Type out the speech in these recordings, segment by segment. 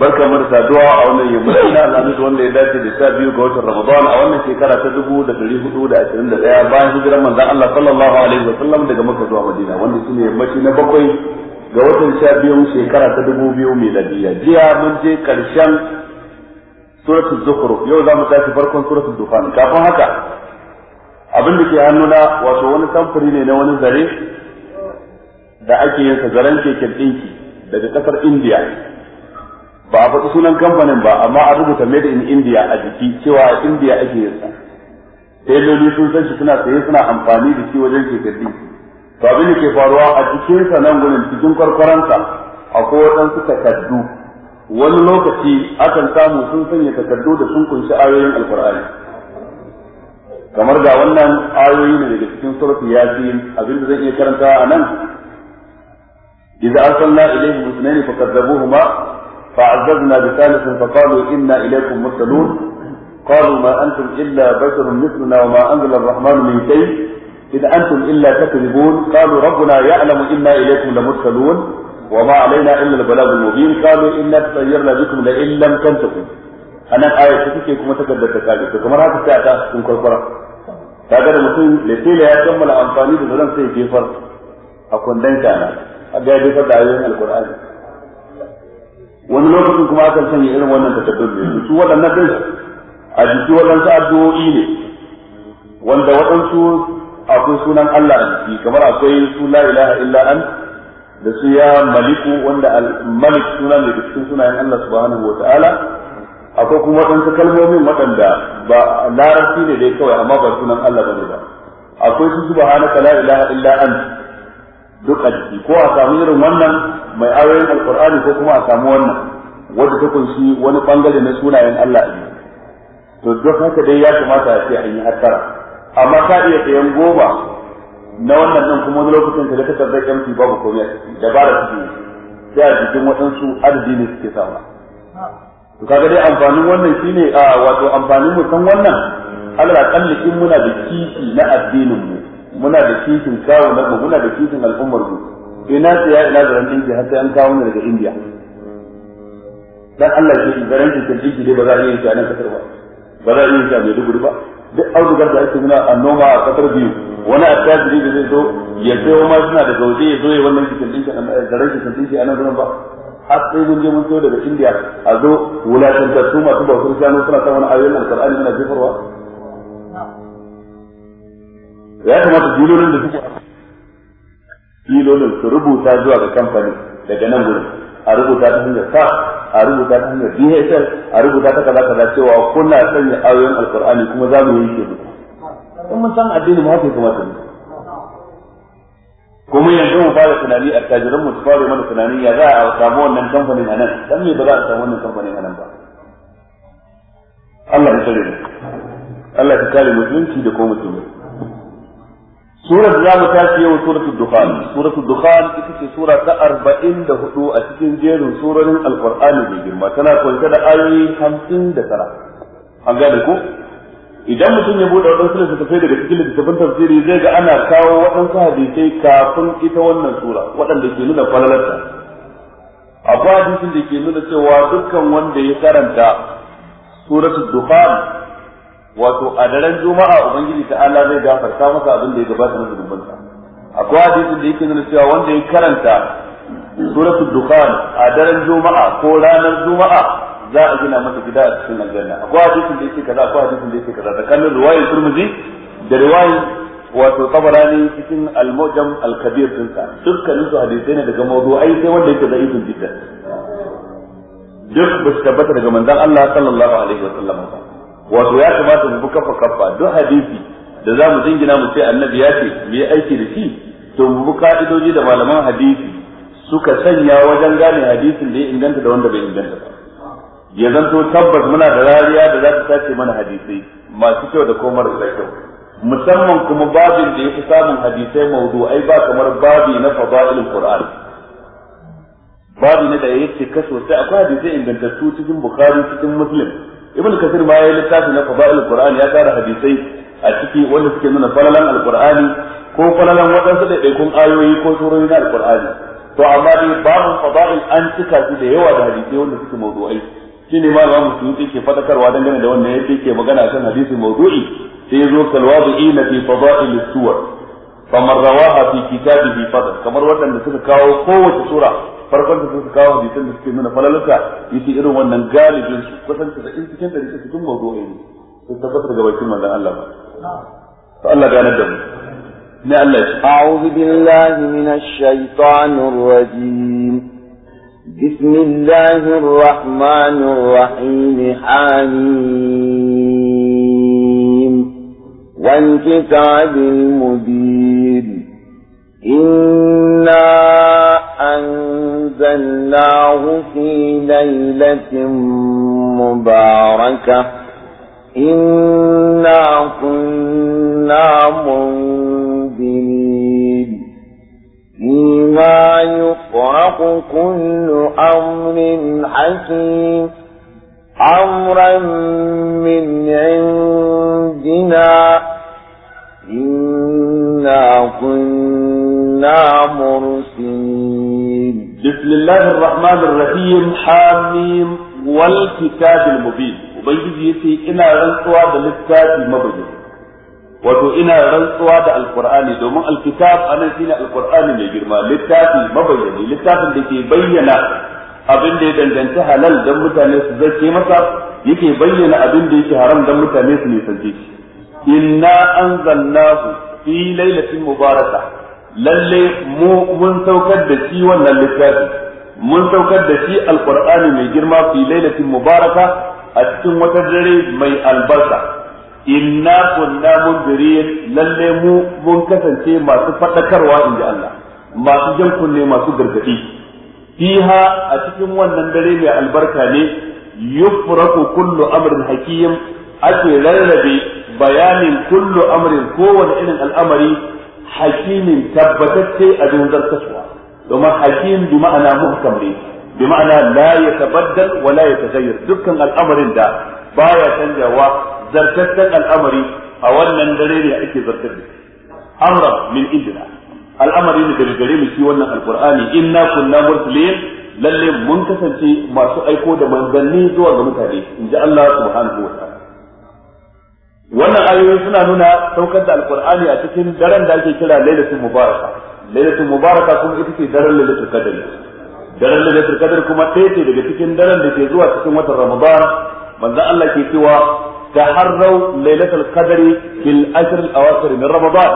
barka mu da saduwa a wannan yammaci ina alhamis wanda ya dace da sha biyu ga watan ramadan a wannan shekara ta dubu da dari hudu da ashirin da daya bayan hijirar manzon allah sallallahu alaihi wa sallam daga makka zuwa madina wanda shine yammaci na bakwai ga watan sha biyu shekara ta dubu biyu miladiyya jiya mun je karshen suratul zukhruf yau za mu tashi farkon suratul dufan kafin haka abin da ke hannuna wato wani samfuri ne na wani zare da ake yin sa zaren keken ɗinki daga ƙasar indiya ba a faɗi sunan kamfanin ba amma a rubuta made in india a jiki cewa a india ake yin sa teloli sun san shi suna saye suna amfani da shi wajen shekardi to abin da ke faruwa a cikin sa nan gurin cikin kwarkwaransa akwai waɗansu takardu wani lokaci akan samu sun sanya takardu da sun kunshi ayoyin alkur'ani kamar ga wannan ayoyi ne daga cikin surat yasin abin da zan iya karanta a nan إذا أرسلنا إليهم اثنين فكذبوهما فعززنا بثالث فقالوا إنا إليكم مرسلون قالوا ما أنتم إلا بشر مثلنا وما أنزل الرحمن من شيء إذ أنتم إلا تكذبون قالوا ربنا يعلم إنا إليكم لمرسلون وما علينا إلا البلاغ المبين قالوا إنا تطيرنا بكم لئن لم تنتقوا أنا آية تكيكي كما تكذب تكاذب كما رأت الساعة من كالقرى فقال المسلم لسيلة يتم الأنصاني بذلك سيكيفر أكون دنك أنا أجل يفرد عليهم القرآن wani lokacin kuma akan sanya irin wannan takaddun ne su waɗannan din a jiki waɗansu addu'o'i ne wanda waɗansu akwai sunan Allah a jiki kamar akwai su la ilaha illa an da su ya maliku wanda malik suna ne da cikin sunayen Allah subhanahu wa ta'ala akwai kuma waɗansu kalmomin waɗanda ba larabci ne dai kawai amma ba sunan Allah ne ba akwai su subhanaka la ilaha illa an duk a jiki ko a samu irin wannan mai ayoyin alqur'ani ko kuma a samu wannan wanda ta kunshi wani bangare na sunayen Allah a to duk haka dai ya kamata a ce an yi hattara amma ka iya sayan goma na wannan din kuma wani lokacin ka da takardar yanki babu komai a ciki dabara take sai a jikin waɗansu adadi ne suke sawa to kaga dai amfanin wannan shine a wato amfanin mu san wannan Allah kalli in muna da kishi na addinin mu muna da kishin kawo na muna da kishin al'ummar mu ina ya ina zaren dinki har sai an kawo ni daga indiya dan Allah shi zaren dinki dinki ne ba za a yi shi a nan kasar ba ba za a yi shi a Maiduguri ba duk audugar da ake nuna a noma a kasar biyu wani attajiri da zai zo ya sayo ma suna da gauje ya zo ya wannan cikin dinki da rashin cikin dinki a nan gurin ba har sai mun je mun zo daga indiya a zo su masu bautar shanu suna kan wani ayoyin alkur'ani suna jefarwa ya kamata ne da suke filolin su rubuta zuwa ga kamfani daga nan gurin a rubuta ta hanyar sa a rubuta ta hanyar DHL a rubuta ta kaza kaza cewa kuna sanya ayoyin alkur'ani kuma za mu yanke muku in mun san addini mu haka ya kamata mu kuma yanzu mu fara tunani a tajirin mu fara mana tunani ya za a samu wannan kamfanin a nan dan me ba za a samu wannan kamfanin a nan ba Allah ya tsare mu Allah ya kare musulunci da ko musulmi surar da ta tashi yau suratul Suratu suratul dukhan ita ce sura ta hudu a cikin jerin surorin alkur'ani mai girma tana kunshe da ayoyi tara. an gane ku? idan mutum ya bude wadansu littattafai daga cikin littattafan tafsiri zai ga ana kawo waɗansu hadisai kafin ita wannan sura waɗanda ke nuna falalarta akwai hadisin da ke nuna cewa dukkan wanda ya karanta suratul duhan. wato a daren juma'a ubangiji ta'ala zai gafarta masa abin da ya gabata na zunubansa akwai hadisin da yake nuna cewa wanda ya karanta suratu dukhan a daren juma'a ko ranar juma'a za a gina masa gida a cikin aljanna akwai hadisin da yake kaza akwai hadisin da yake kaza da tsakanin riwayar turmuzi da riwayar wato tabarani cikin al-mujam al-kabir sa. dukkanin su hadisai ne daga mawdu'ai sai wanda yake da izin jiddan duk ba su tabbata daga manzon Allah sallallahu alaihi wa sallam ba wato ya kamata mu bi kafa kafa duk hadisi da za mu jingina mu ce annabi ya ce mu yi aiki da shi to mu bi ka'idoji da malaman hadisi suka sanya wajen gane hadisin da ya inganta da wanda bai inganta ba ya zanto tabbas muna da rariya da za ta sace mana hadisai masu kyau da kuma marasa kyau musamman kuma babin da ya fi samun hadisai ai ba kamar babi na fadailul qur'an babi ne da yake kaso sai akwai hadisai ingantattu cikin bukhari cikin muslim ibn kasir ma yayi littafi na fadailul qur'an ya tara hadisai a ciki wanda suke nuna falalan alqur'ani ko falalan wadansu daidaikun ayoyi ko surori na alqur'ani to amma dai babu fadail an cika su da yawa da hadisai wanda suke mawdu'ai shine ma Imam Suyuti ke fadakarwa dangane da wannan yake ke magana kan hadisi mawdu'i sai yazo kalwadu'ina fi fadail suwar kamar rawaha fi kitabihi fadl kamar wadanda suka kawo kowace sura farkon da suka kawo hadisan da suke nuna falaluka yake irin wannan galibin su kusan da in cikin da suke cikin mawdu'i ne su tabbatar ga bakin manzon Allah ba to Allah ganar da mu ne Allah ya a'udhu billahi minash shaitanir rajim بسم الله الرحمن الرحيم حميم والكتاب المبين إنا أنزلناه في ليلة مباركة إنا كنا منذرين فيما يفرق كل أمر حكيم أمرا من عندنا إنا كنا كنا مرسلين بسم الله الرحمن الرحيم حاميم والكتاب المبين ubangiji yace ina rantsuwa da littafi wato ina rantsuwa da alqur'ani domin alkitab anan shine alqur'ani mai girma littafi mabayyani littafin da ke bayyana abin da ya danganci halal dan mutane su zake masa yake bayyana abin da yake haram dan mutane su nisance shi inna anzalnahu fi lailatin mubarakah lalle mu mun saukar da shi wannan littafi mun saukar da shi alqur'ani mai girma fi lailatin mubaraka a cikin wata dare mai albarka inna kunna munzirin lalle mu mun kasance masu fadakarwa inji Allah masu jan kunne masu gargadi fiha a cikin wannan dare mai albarka ne yufraku kullu amrin hakim ake rarrabe bayanin kullu amrin kowane irin al'amari hakimin tabbatacce a dunzar kasuwa domin hakim bi ma'ana muhkam ne bi ma'ana la yatabaddal wa la yataghayyar dukkan al'amarin da baya canjawa zartaccen al'amari a wannan dare ne ake zartar da amra min indina al'amari ne daga gare mu shi wannan alqur'ani inna kunna mursalin lalle mun kasance masu aiko da manzanni zuwa ga mutane inji Allah subhanahu wa ta'ala wannan ayoyi suna nuna saukar da alkurani a cikin daren da ake kira lailatul mubaraka lailatul mubaraka kuma ita ce daren lailatul qadr daren lailatul qadr kuma ɗaya ce daga cikin daren da ke zuwa cikin watan ramadan manzo Allah ke cewa taharrau lailatul qadri fil ashr al awakhir min ramadan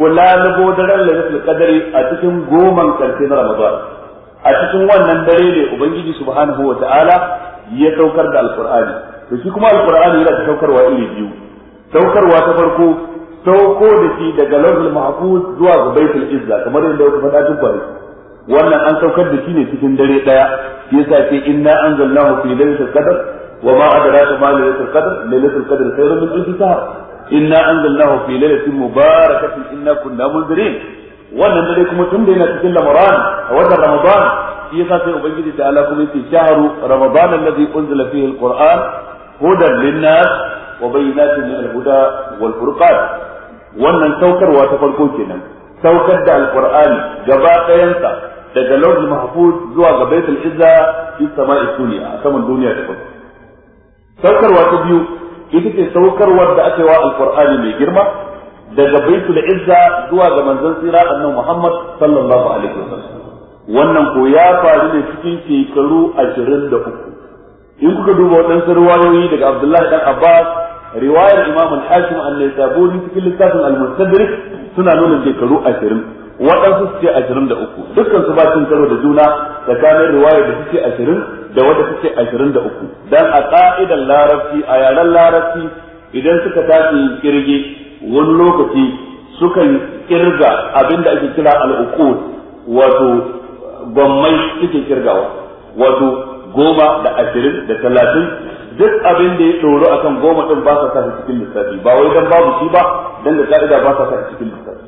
kula labo daren lailatul a cikin goman karshe ramadan a cikin wannan dare ne ubangiji subhanahu wa ta'ala ya saukar da alkur'ani to shi kuma alkurani yana da saukarwa iri biyu saukarwa ta farko sauko da shi daga lawhul mahfuz zuwa ga baitul izza kamar yadda kuka faɗa tun kwanaki wannan an saukar da shi ne cikin dare daya yasa ce inna anzalnahu fi lailatul qadr wa ma adraka ma lailatul qadr lailatul qadr khairun min alfi shahr inna anzalnahu fi lailatin mubarakatin inna kunna munzirin wannan dare kuma tun da yana cikin ramadan a wannan ramadan shi yasa sai ubangiji ta ala kuma yace shahru ramadan alladhi unzila fihi alquran hudan linnas وبينات من الهدى والفرقان wannan saukarwa ta farko kenan saukar da alqur'ani gaba ɗayansa daga lawhul mahfuz zuwa ga baitul izza fi sama'i dunya a saman duniya ta farko saukarwa ta biyu ita ce saukarwar da aka yi wa alqur'ani mai girma daga baitul izza zuwa ga manzon tsira annabi muhammad sallallahu alaihi wasallam wannan ko ya faru ne cikin shekaru 23 in kuka duba waɗansu ruwayoyi daga abdullahi dan abbas riwayar imaman al-hakim an-nisaburi cikin littafin al suna nuna shekaru 20 waɗansu su ce 23 dukkan su ba cin karo da juna tsakanin riwayar da suke 20 da wadda suke 23 dan a ka'idar larabci a yaren larabci idan suka tashi kirge wani lokaci sukan kirga abinda ake kira al-uqud wato gwammai suke kirgawa wato goma da ashirin da talatin duk abin da ya tsoro akan goma din ba sa sa shi cikin lissafi ba wai dan babu shi ba dan da ka'ida ba sa sa shi cikin lissafi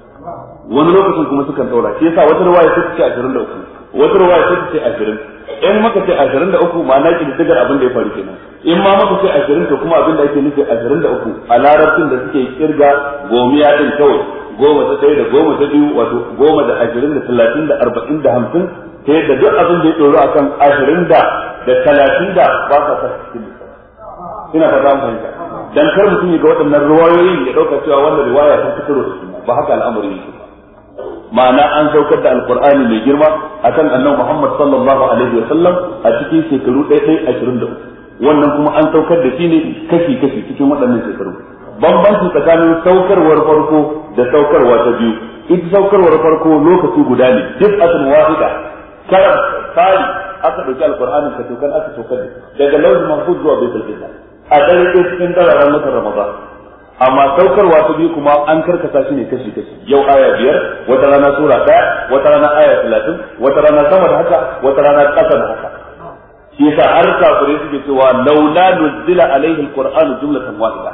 wani lokacin kuma sukan taura shi yasa wata ruwaya ta ce 23 wata ruwaya ta ce 20 in maka ce 23 ma na ki digar abin da ya faru kenan in ma maka ce 20 to kuma abin da ake nufi 23 a larabcin da suke kirga gomiya din kawai goma ta ɗaya da goma ta biyu wato goma da ashirin da talatin da arba'in da hamsin ta yadda duk abin da ya tsoro akan ashirin da da talatin da ba sa sa cikin ina ta mu fahimta dan kar mutum ya ga waɗannan ruwayoyin ya ɗauka cewa wannan riwaya ta fitar da ba haka al'amari ne ma'ana an saukar da alqur'ani mai girma akan annabi Muhammad sallallahu alaihi wa sallam a cikin shekaru uku wannan kuma an saukar da shi ne kashi kashi cikin waɗannan shekaru bambanci tsakanin saukarwar farko da saukarwa ta biyu ita saukarwar farko lokaci guda ne duk asin wahida kar tsari aka ɗauki alqur'anin ka tokan aka saukar daga lauhin mahfuz zuwa baitul qisas a dare ɗaya cikin dararen watan ramadan amma saukarwa ta biyu kuma an karkasa shi ne kashi kashi yau aya biyar wata rana sura ɗaya wata rana aya talatin wata rana sama da haka wata rana ƙasa da haka shi yasa har kafirai suke cewa laula nuzila alaihi alqur'anu jumlatan wahida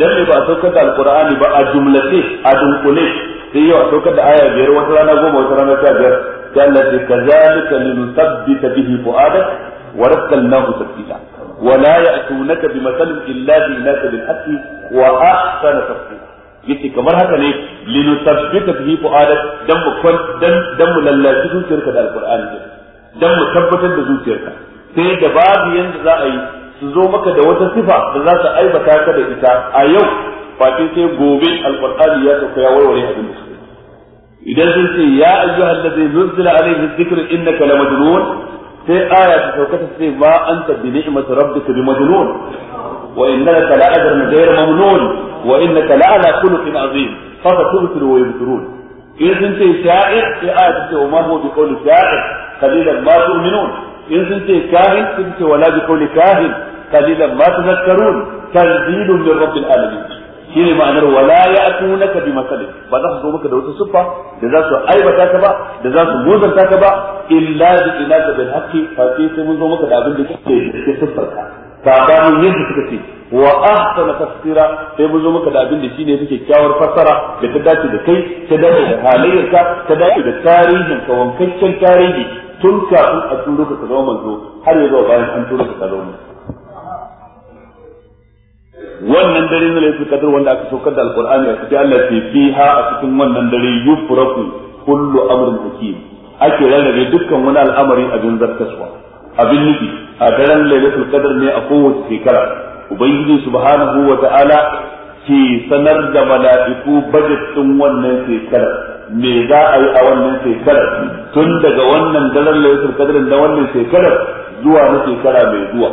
dan ne ba a saukar da alqur'ani ba a jumlace a dunkule sai yau a saukar da aya biyar wata rana goma wata rana sha biyar sai Allah ce kazalika linusabbita bihi fu'adak wa rattalnahu tathbita ولا يأتونك بمثل إلا جئناك بالحق وأحسن تفسيرا yace kamar haka ne linusabbita bihi fu'adak dan mu dan dan mu lallaci zuciyarka da alqur'ani dan mu tabbatar da zuciyarka sai da babu yanda za a yi su zo maka da wata sifa da za su aibata ka da ita a yau ba sai gobe alqur'ani ya sauka ya warware abin da idan sun ce ya ayyuhal ladzi nuzila alayhi dhikru innaka lamajnun sai aya ta sauka ta ce ma anta bi ni'mati rabbika bi majnun wa innaka la ajrun ghayr mamnun wa innaka la ala khuluqin azim fa satubsiru wa yubsirun in sun ce sha'ir sai aya ta ce ma huwa bi qawli sha'ir qalilan ma tu'minun in sun ce kahin sun ce wala bi qawli kahin qalilan ma tadhakkarun tanzilun min rabbil alamin shine ma'anar wala ya'tunaka bi masalin ba za su zo maka da wata siffa da za su aibata ka ba da za su muzanta ka ba illa bi ilaka bil haqqi fa sai mun zo maka da abin da kake ke siffar ka sabanin yadda suka ce wa ahsana tafsira sai mun zo maka da abin da shine yake kyawar fassara da ta dace da kai ta dace da halayyarka ta dace da tarihin ka wankakken tarihi tun kafin a turo ka zama manzo har ya zuwa bayan an turo ka zama manzo wannan dare na lailatul kadar wanda aka saukar da alqur'ani a cikin Allah ce fiha a cikin wannan dare yufraku kullu amrin hakim ake rarrabe dukkan wani al'amari abin zartaswa abin nufi a daren lailatul kadar ne a kowace shekara ubangiji subhanahu wa ta'ala ke sanar da mala'iku bajet din wannan shekara me za a yi a wannan shekara tun daga wannan daren lailatul kadar da wannan shekara zuwa na shekara mai zuwa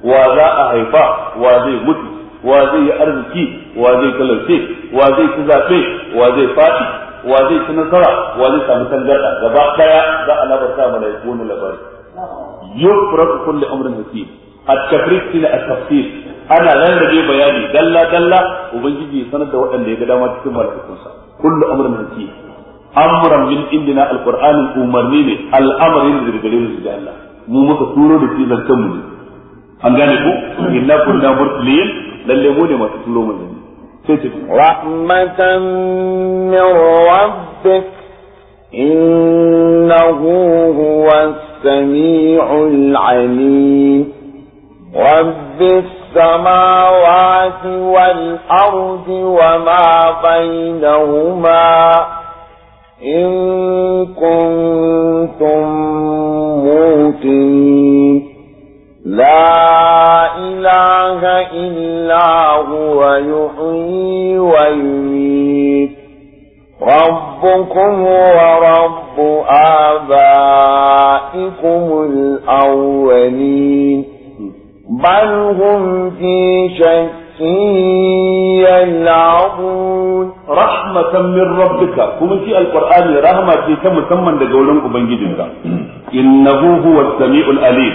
wa za a haifa wa zai mutu wa zai yi arziki wa zai talauce wa zai ci zaɓe wa zai faɗi wa zai ci nasara wa zai samu tangarɗa gaba ɗaya za a labarta mana ya wani labari yufratu kulli amrin hakim at-tafriq ila at-tafsir ana rarrabe bayani dalla dalla ubangiji sanar da waɗanda ya ga dama cikin malakunsa kullu amrin hakim amuran min indina alqur'ani umarni ne al'amarin da daga gare da Allah mu muka turo da shi zantan mu ne an gane ku inna kunna mursalin lalle mu ne masu turo manzanni sai ce rahmatan min rabbik innahu huwas samiul alim rabbis السماوات والأرض وما بينهما in كنتم موقنين la. إله إلا هو يحيي ويميت ربكم ورب آبائكم الأولين بل هم في شك يلعبون رحمة من ربك كما في القرآن رحمة كما تمن دقولنكم بنجدنك إنه هو السميع الأليم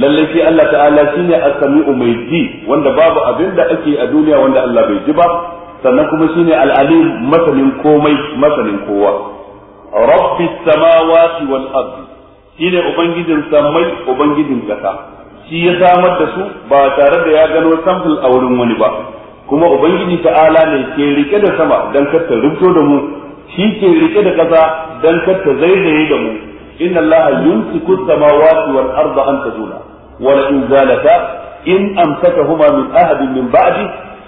lallai shi Allah ta'ala shine ne samiu mai ji wanda babu abin da ake a duniya wanda Allah bai ji ba sannan kuma shine al-alim masanin komai masanin kowa rabbi samawati wal ardi shine ubangijin samai ubangijin kasa shi ya samar da su ba tare da ya gano samfil a wurin wani ba kuma ubangiji ta'ala ne ke rike da sama dan kar ta rubto da mu shi ke rike da kasa dan kar ta zaizaye da mu inna allaha yumsiku as-samawati wal arda an tazula wa la in zalata in amsakahuma min ahadin min ba'di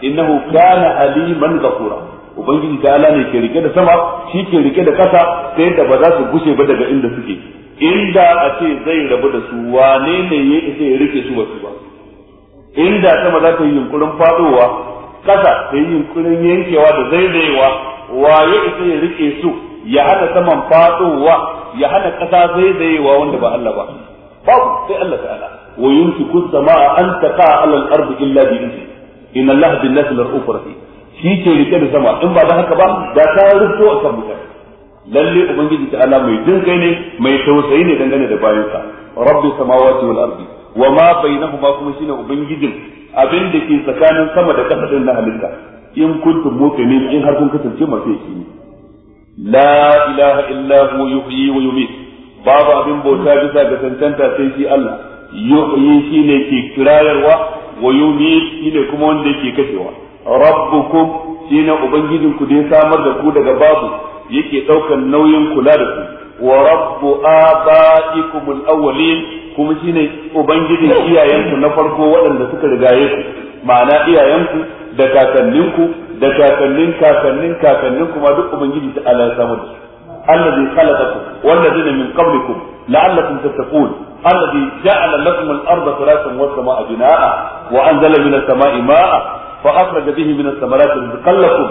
innahu kana aliman ghafura ubangiji ta ala ne ke rike da sama shi ke rike da kasa sai da ba za su gushe ba daga inda suke inda a ce zai rabu da su wane ne ya isa ya rike su ba su ba inda sama za ta yi yunkurin fadowa kasa ta yi yunkurin yankewa da zaizayewa waye isa ya rike su ya hada saman fadowa ya hana kasa zaizayewa wanda ba Allah ba babu sai Allah ta'ala wa yumsiku samaa an taqa'a ala al-ardi illa bi inna Allah bin nasi shi ke rike da sama in ba da haka ba da ta rufto kan mutane lalle ubangiji ta'ala mai jin kai ne mai tausayi ne dangane da bayansa rabbi samawati wal ardi wa ma bainahuma kuma shine ubangijin abin da ke tsakanin sama da kasa din na halitta in kuntum mu'minin in har kun kasance masu yaqini la ilaha illa hu yuhyi wa yumiit babu abin bota bisa ga tantanta sai shi Allah yuhyi shine ke kirayarwa wa yumiit shine kuma wanda yake kashewa rabbukum shine ubangijinku da ya samar da ku daga babu yake ɗaukan nauyin kula da ku wa rabbu abaikumul awwalin kuma shine ubangijin iyayenku na farko waɗanda suka rigaye ku ma'ana iyayenku da kakanninku da kakannin kakannin kakannin kuma duk ubangiji ta ala ya samu da su allazi khalaqakum walladina min qablikum la'allakum tattaqun allazi ja'ala lakum al-ardha firasan was samaa binaa'a wa anzala minas samaa'i maa'a fa akhraja bihi minas thamarati rizqan lakum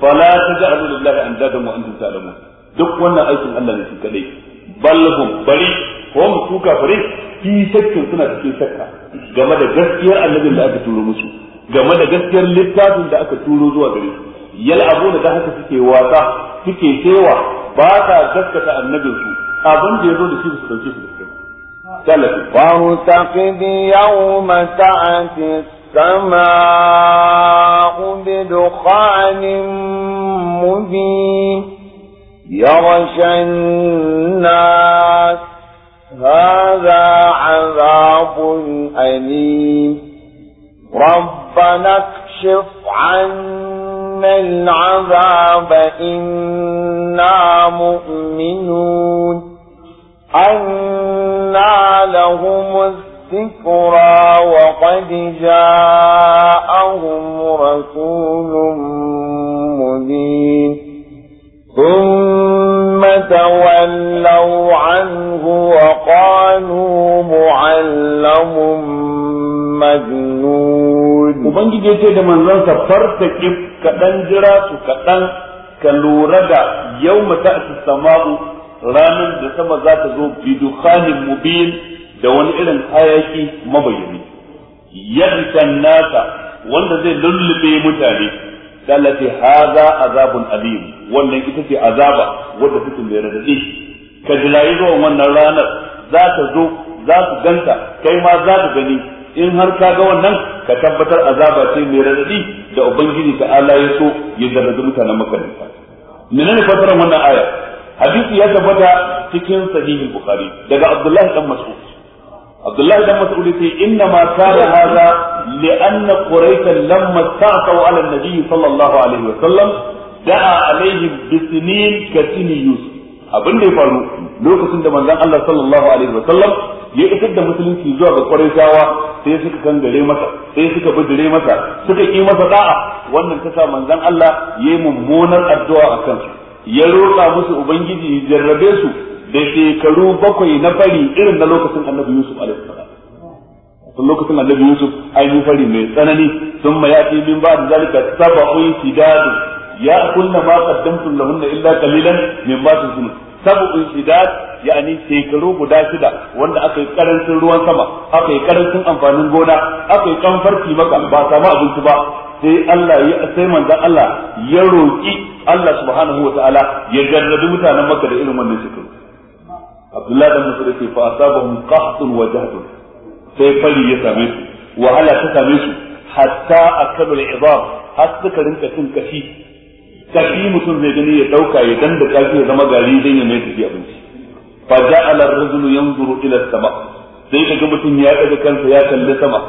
fala taj'alu lillahi andadan wa antum ta'lamun duk wannan aikin Allah ne shi kadai ballahum bari ko mu suka bari fi shakkin suna cikin shakka game da gaskiyar annabin da aka turo musu game da gaskiyar littafin da aka turo zuwa gare su yal abu da da haka suke wasa suke cewa ba ta gaskata annabin su abin da yazo da shi su dauke shi gaskiya فارتقب yawma ta'ati السماء بدخان مبين يغشى الناس هذا عذاب أليم ربنا اكشف عنا العذاب إنا مؤمنون أنا لهم الذكرى وقد جاءهم رسول مبين ثم تولوا عنه وقالوا معلم مجنون ubangiji yace da manzansa fartaqib kaɗan jira su kaɗan ka lura da yawma ta'ti sama'u ranar da sama za ta zo bi dukhanin mubin da wani irin hayaki mabayani yadda nasa wanda zai lullube mutane da haza azabun alim wannan ita ce azaba wadda take mai radadi ka jilayi zuwa wannan ranar za ta zo za su ganta kai ma za ka gani in har ka ga wannan ka tabbatar azaba ce mai radadi da ubangiji ta Allah ya so ya zarrazi mutanen makaranta menene fasarar wannan aya hadisi ya tabbata cikin sahihi bukhari daga abdullahi dan mas'ud abdullahi dan mas'ud yace inna ma kana hadha لأن قريشا لما استعصوا على النبي صلى الله عليه وسلم دعا عليهم بسنين كسن يوسف abin da ya faru lokacin da manzon Allah sallallahu alaihi wa sallam ya isar da musulunci zuwa ga Qurayshawa sai suka kangare masa sai suka bijire masa suka yi masa da'a wannan ta sa manzon Allah yi mummunar addu'a akan su ya roƙa musu ubangiji ya jarrabe su da shekaru bakwai na bari irin na lokacin Annabi Yusuf alaihi sun lokacin annabi yusuf an yi fari mai tsanani sun ma ya min ba da zalika sab'un sidadu ya kunna ma qaddamtum lahunna illa qalilan min ba sun sab'un sidad yani shekaru guda shida wanda aka yi ruwan sama aka yi karancin amfanin gona aka yi kamfarki maka ba sama abinci ba sai Allah ya sai manzon Allah ya roki Allah subhanahu wataala ya jarrabi mutanen maka da irin wannan shekaru Abdullahi dan Musa yake fa asabahum qahtun wa jahdun sai fari ya same su wahala ta same su hatta a al-idab har suka rinka cin kashi kashi mutum zai gani ya dauka ya danda kashi ya zama gari dan ya mai tafi abinci fa ja'ala ar-rajul yanzuru ila sama sai kaga mutum ya daga kansa ya kalli sama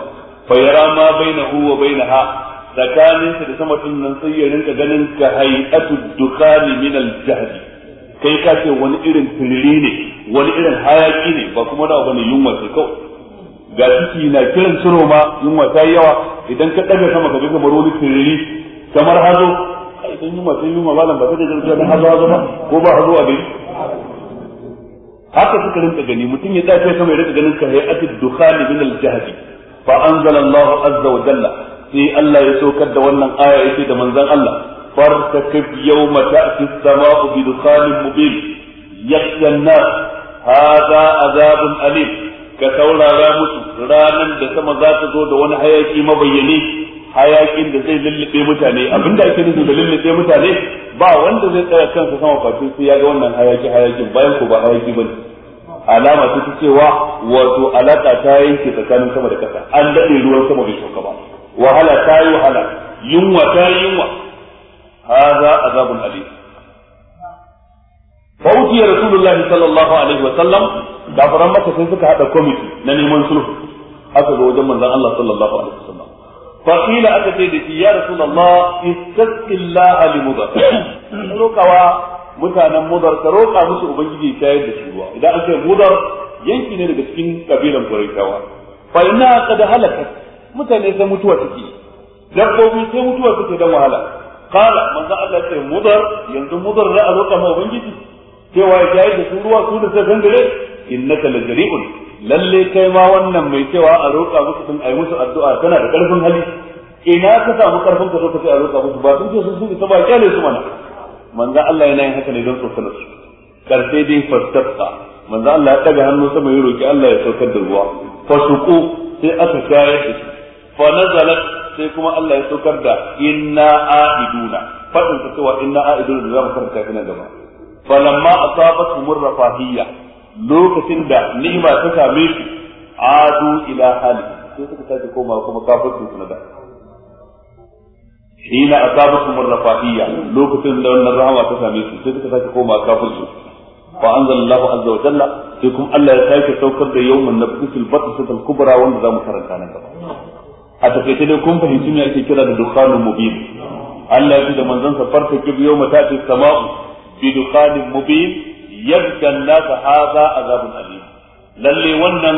fa yara ma bainahu wa bainaha tsakaninsa da sama din nan sai ya rinka ganin ka hay'atu dukhani min al-jahdi kai ka ce wani irin tiriri ne wani irin hayaki ne ba kuma da wani yunwa sai kawai ga ciki na kiran ciro ma yunwa ta yawa idan ka ɗaga sama ka ga kamar wani tiriri kamar hazo ai dan yunwa sai yunwa ba ba sai da jirgin hazo hazo ba ko ba hazo a gari haka suka rinka gani mutum ya dace sama ya rinka ganin ka hayati dukhani min al-jahdi fa anzala Allahu azza wa jalla sai Allah ya saukar da wannan aya yake da manzon Allah fartakib yawma ta'ti as-sama'u bi dukhanin mubin yaqyan nas hadha azabun alim ka saurara musu ranar da sama za ta zo da wani hayaki mabayyane hayakin da zai lullube mutane abinda ake nufi da lullube mutane ba wanda zai tsaya kansa sama fatin sai ya ga wannan hayaki hayakin bayan ko ba hayaki bane alama ce ta cewa wato alaka ta yanke tsakanin sama da kasa an dade ruwan sama bai sauka ba wahala ta yi wahala yunwa ta yi yunwa hadha azabun alim فأوتي رسول الله صلى الله عليه وسلم gafaran maka sai suka hada komiti na neman sulhu aka zo wajen manzon Allah sallallahu alaihi wasallam fa qila aka ce da ya rasulullah istaqillaha li mudar rokawa mutanen mudar ka roka musu ubangiji ya yi da su ruwa idan aka mudar yanki ne daga cikin kabilan quraishawa fa inna qad halakat mutane sai mutuwa take dabbobi sai mutuwa take dan wahala qala manzo Allah ce mudar yanzu mudar za a roka ma ubangiji cewa ya yi da su ruwa su da sai dangare innaka lajari'un lalle kai ma wannan mai cewa a roƙa musu din ai musu addu'a kana da ƙarfin hali ina ka samu karfin ka zo ka a roƙa musu ba sun ce sun sun ba kyale su mana manzo Allah yana yin haka ne don tsokanar su karshe dai fastafa manzo Allah ya daga hannu sama ya roki Allah ya saukar da ruwa fasuku sai aka shayar da su fa nazalat sai kuma Allah ya saukar da inna aiduna fadin ta cewa inna aiduna da za zamu karanta kana gaba falamma asabatu murrafahiyya lokacin da ni'ima ta same shi adu ila hali sai suka sake koma kuma kafirci su na da hina asabatu marrafahiyya lokacin da wannan rahama ta same su sai suka sake koma kafirci fa anzalallahu azza wa jalla sai kuma Allah ya sake saukar da yawmun nafsil batsatul kubra wanda zamu karanta nan gaba a takaice dai kun fahimci me ake kira da dukhanul mubin Allah ya ce da manzon sa farta kib yawma ta'ti sama'u bi dukhanin mubin yadda yabka nasa haza a zabin alim lalle wannan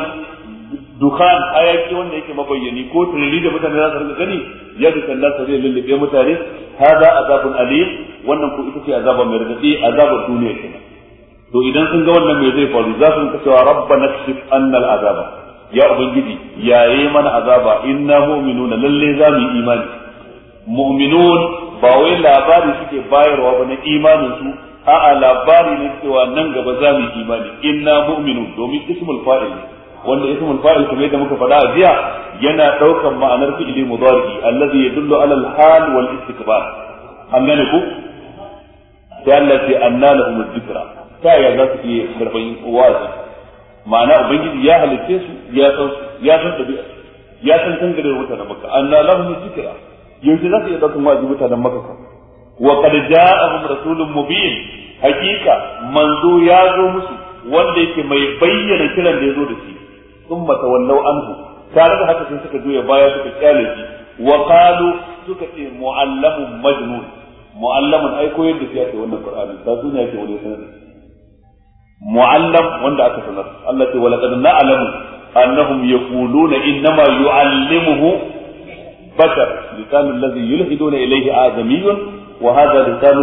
dukan hayaki wanda yake mabayyani ko tunani da mutane za su rinka gani yadda kan nasa zai lullube mutane haza a zabin alim wannan ko ita ce azaba mai radadi azaba duniya kenan to idan sun ga wannan mai zai faru za su rinka cewa na kshif anna azaba ya ubangiji yaye mana azaba inna mu'minuna lalle za mu yi imani mu'minun ba wai labari suke bayarwa ba na imanin su a'a labari ne cewa nan gaba za mu yi imani inna mu'minun domin ismul fa'il wanda ismul fa'il kuma yadda muka faɗa a jiya yana ɗaukan ma'anar fi'ili mudari allazi yadullu ala al-hal wal istikbar an gane ku sai Allah ce anna lahum dhikra ta ya za su yi karban wazi ma'ana ubangiji ya halitte su ya san ya san tabi'a ya san kangarin mutanen makka anna lahum dhikra yanzu za su iya ɗaukan wazi mutanen makka wa qad ja'ahum rasulun mubin hakika manzo ya zo musu wanda yake mai bayyana kiran da ya zo da shi thumma tawallaw anhu tare da haka sun suka juya baya suka kyale shi wa qalu suka ce mu'allamun majnun mu'allamun ai koyar da shi ake wannan qur'ani ba zuna yake wani sanar mu'allam wanda aka sanar Allah ce wala qad na'lamu annahum yaquluna innama yu'allimuhu bashar lisanul ladhi yulhiduna ilayhi azamiyyun وهذا لسان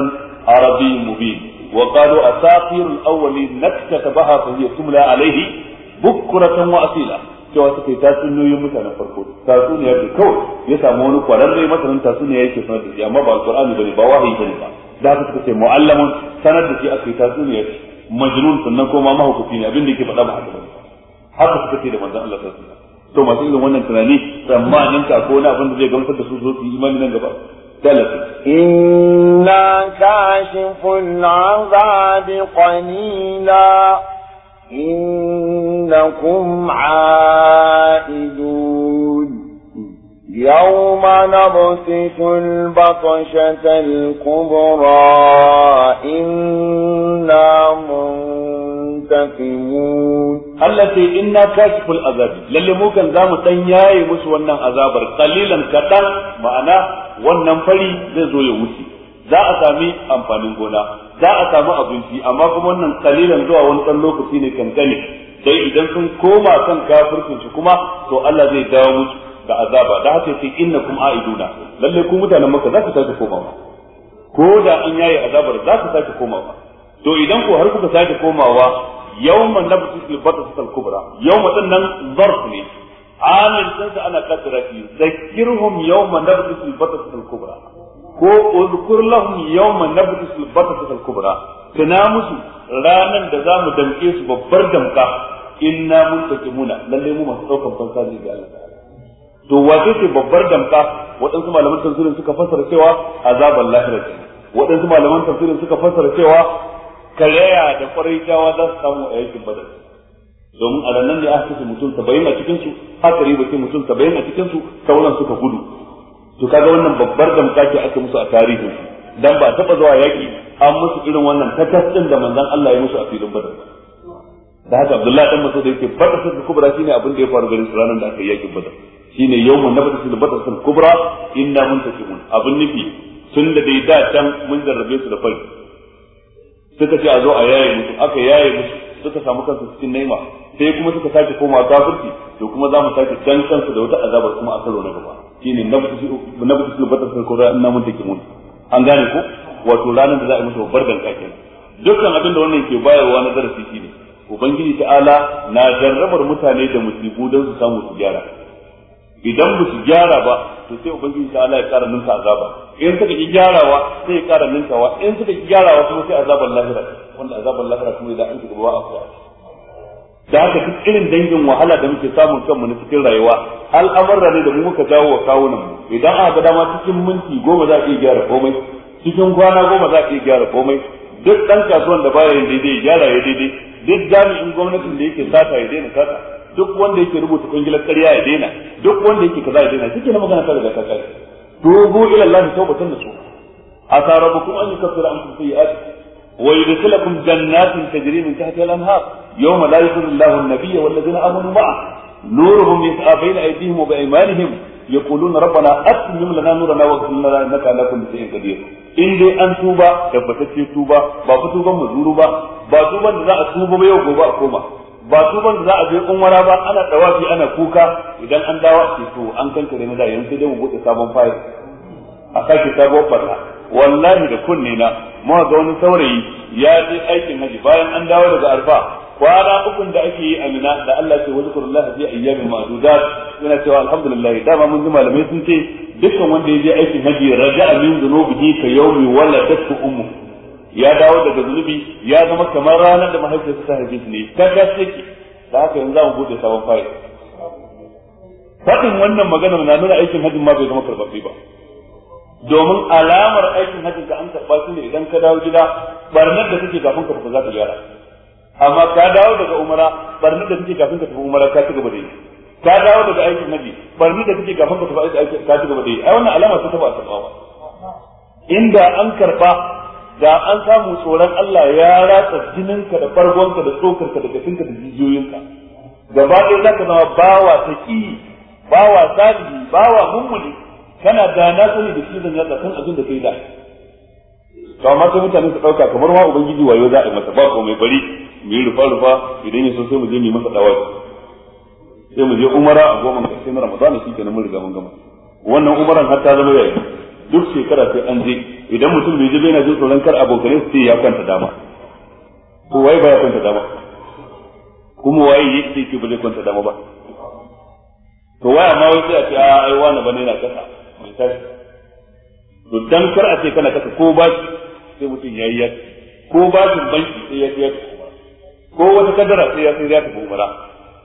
عربي مبين وقالوا أساطير الأولين نكتتبها فهي تملى عليه بكرة وأصيلا cewa suka yi tatsuniyoyin mutanen farko ta ya ce kawai ya samu wani kwararre masanin tatsuniya yake sanar da shi amma ba alqur'ani bane ba wahayi bane ba da haka suka ce mu'allamun sanar da shi aka yi tatsuniya ce majnun sannan ko ma mahaukaci ne abin da yake faɗa ba haka bane haka suka ce da manzon Allah sallallahu alaihi wasallam to masu irin wannan tunani tsammanin ka ko wani abin da zai gamsar da su zo su yi imani nan gaba إنا كاشف العذاب قليلا إنكم عائدون يوم نبسط البطشة الكبرى إنا منتقمون التي إنا كاشف العذاب للي ممكن زامو تنياي مسوى عذابر قليلا كتر معنا wannan fari zai zo ya wuce za a sami amfanin gona za a sami abinci amma kuma wannan kalilan zuwa wani lokaci ne kankane sai idan sun koma kan kafircin kuma to Allah zai dawo musu da azaba da haka yace innakum aiduna lalle ku mutanen makka za ku sake komawa ko da an yayi azabar za ku sake komawa to idan ku har kuka sake komawa yawma nabtul batatul kubra yawma dinnan zarf ne amin din sa ana kaddara fi zakirhum yawma nabtul batatul kubra ko uzkur lahum yawma nabtul batatul kubra tana musu ranan da za mu damke su babbar damka inna muntakimuna lalle mu masu daukan fansa ne ga Allah to wace ce babbar damka waɗansu malaman tafsirin suka fassara cewa azaban lahira ce waɗansu malaman tafsirin suka fassara cewa kareya da kwarai kyawa za su samu a yakin badar domin a ranar da aka ce mutum saba'in a cikinsu hakari ba ce mutum saba'in a cikinsu sauran suka gudu to kaga wannan babbar damka ce aka musu a tarihin dan ba taɓa zuwa yaƙi an musu irin wannan takas da manzon Allah ya musu a filin badar da haka Abdullahi dan da yake fada sirri kubra shine abin da ya faru garin ranar da aka yi yaƙin badar shine yawmun nabtasul batasul kubra inna kimun abun nufi tun da dai da can mun jarrabe su da fari suka ce a zo a yaye musu aka yaye musu suka samu kansu cikin naima sai kuma suka sake koma kafirci to kuma za mu sake can kansu da wata azabar kuma a karo na gaba shine nabtasul batasul kubra inna kimun an gane ko wato ranar da za a yi musu babbar danka dukkan abin da wannan ke bayarwa na darasi shine ubangiji ta'ala na jarrabar mutane da musibu don su samu su gyara idan ba su gyara ba to sai ubangiji ta Allah ya kara ninka azaba in suka ki gyarawa sai ya kara ninkawa in suka ki gyarawa kuma sai azaban lahira wanda azaban lahira kuma idan an shiga ba a kuwa da haka duk irin dangin wahala da muke samun kanmu na cikin rayuwa al'amarra ne da mu muka jawo wa kawunan mu idan aka ga dama cikin minti goma za ka iya gyara komai cikin kwana goma za ka iya gyara komai duk dan kasuwan da baya yin daidai ya gyara ya daidai duk jami'in gwamnatin da yake sata ya daina sata duk wanda yake rubuta kungilar ƙarya ya daina duk wanda yake kaza ya daina kike na magana tare da kakar dogo ila Allah tawbatan nasu asa rabbukum an yukaffira ankum sayi'atikum ويدخلكم جنات تجري من تحتها الانهار يوم لا يخزي الله النبي والذين امنوا معه نورهم يسعى بين ايديهم وبايمانهم يقولون ربنا اتمم لنا نورنا واغفر لنا انك على كل شيء قدير in dai an tuba tabbatacce tuba ba fa tuban mazuru ba ba tuban da za a tuba ba su ban za a je umara ba ana dawafi ana kuka idan an dawo ce to an kankare na da yanzu dai mu bude sabon fayil a sake sabuwar barna wallahi da kunne na mu ga wani saurayi ya je aikin haji bayan an dawo daga arfa kwana ukun da ake yi a mina da Allah ce wazkurullah fi ayyamin ma'dudat yana cewa alhamdulillah dama mun ji malamai sun ce dukkan wanda ya je aikin haji raja'a min dhunubihi ka yawmi waladatu ummu ya dawo daga zunubi ya zama kamar ranar da mahaifiyarsa ta haife shi ne ta gaske ki da haka yanzu za mu bude sabon fayil Fadin wannan magana na nuna aikin hajjin ma bai zama karbabbe ba domin alamar aikin hajjin ka an karɓa shi ne idan ka dawo gida barnar da kake kafin ka fita za ka gyara amma ka dawo daga umara barnar da kake kafin ka tafi umara ka ci gaba da yi ka dawo daga aikin hajji barnar da kake kafin ka tafi aikin ka ci gaba da yi ai wannan alama ta taba a karɓa inda an karɓa da an samu tsoron Allah ya ratsa jininka da fargonka da tsokarka da gafinka da jijiyoyinka gaba ɗaya za ka zama bawa ta ƙi bawa salihi bawa mummuni kana da na sani da shi yadda yatsa kan abin da kai da to amma sai mutane su ɗauka kamar ma ubangiji wayo za a yi masa ba ko mai bari mu yi rufa rufa idan ya so sai mu je mu masa dawaci sai mu je umara a goma ƙarshen ramadana shi kenan mun riga mun gama wannan umaran har ta zama yayi duk shekara sai an je idan mutum bai je bai na jin tsoron kar abokanai su ce ya kwanta dama ko waye ya kwanta dama kuma waye yake ce ba zai kwanta dama ba to waya ma wai sai a ce a ah, ai wani bane na kasa mai tashi to dan kar a ce kana kasa ko ba sai mutum yayi ya ko ba banki sai ya ya ko wata kadara sai ya sai ya tafi umara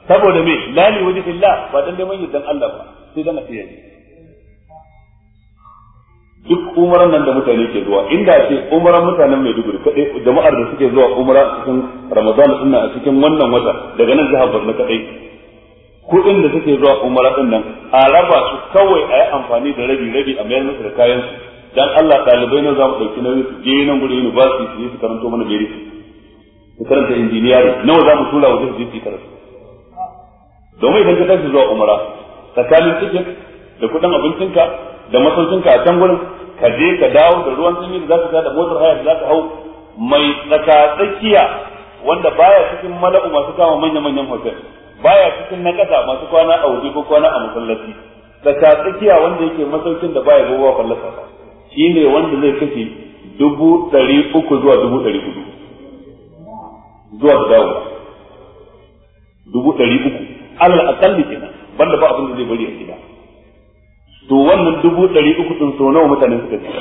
saboda me lali wajhi Allah ba dan da manyan dan Allah ba sai dan a ce duk umaran nan da mutane ke zuwa inda ce umaran mutanen mai Maiduguri kadai jama'ar da suke zuwa umara cikin Ramadan din a cikin wannan wata daga nan jihar Borno kadai kuɗin da suke zuwa umara din nan a raba su kawai a yi amfani da rabi rabi a mayar musu da kayan su dan Allah ɗalibai na za mu ɗauki na su je nan gure university su yi su karanto mana gari su karanta injiniyari nawa za mu tura wajen su je karatu domin idan ka tafi zuwa umara tsakanin cikin da kudin abincinka da masaukinka a can gurin ka je ka dawo da ruwan sanyi da ka da motar haya da ka hau mai tsaka tsakiya wanda baya cikin mala'u masu kama manya-manyan hotel baya cikin na kasa masu kwana a waje ko kwana a masallaci tsaka tsakiya wanda yake masaukin da baya gowa fallasa shi ne wanda zai kashe dubu ɗari uku zuwa dubu ɗari hudu zuwa da dawo dubu ɗari uku alal akalli kenan banda ba abin da zai bari a gida to wannan dubu ɗari uku ɗin so nawa mutane suka ce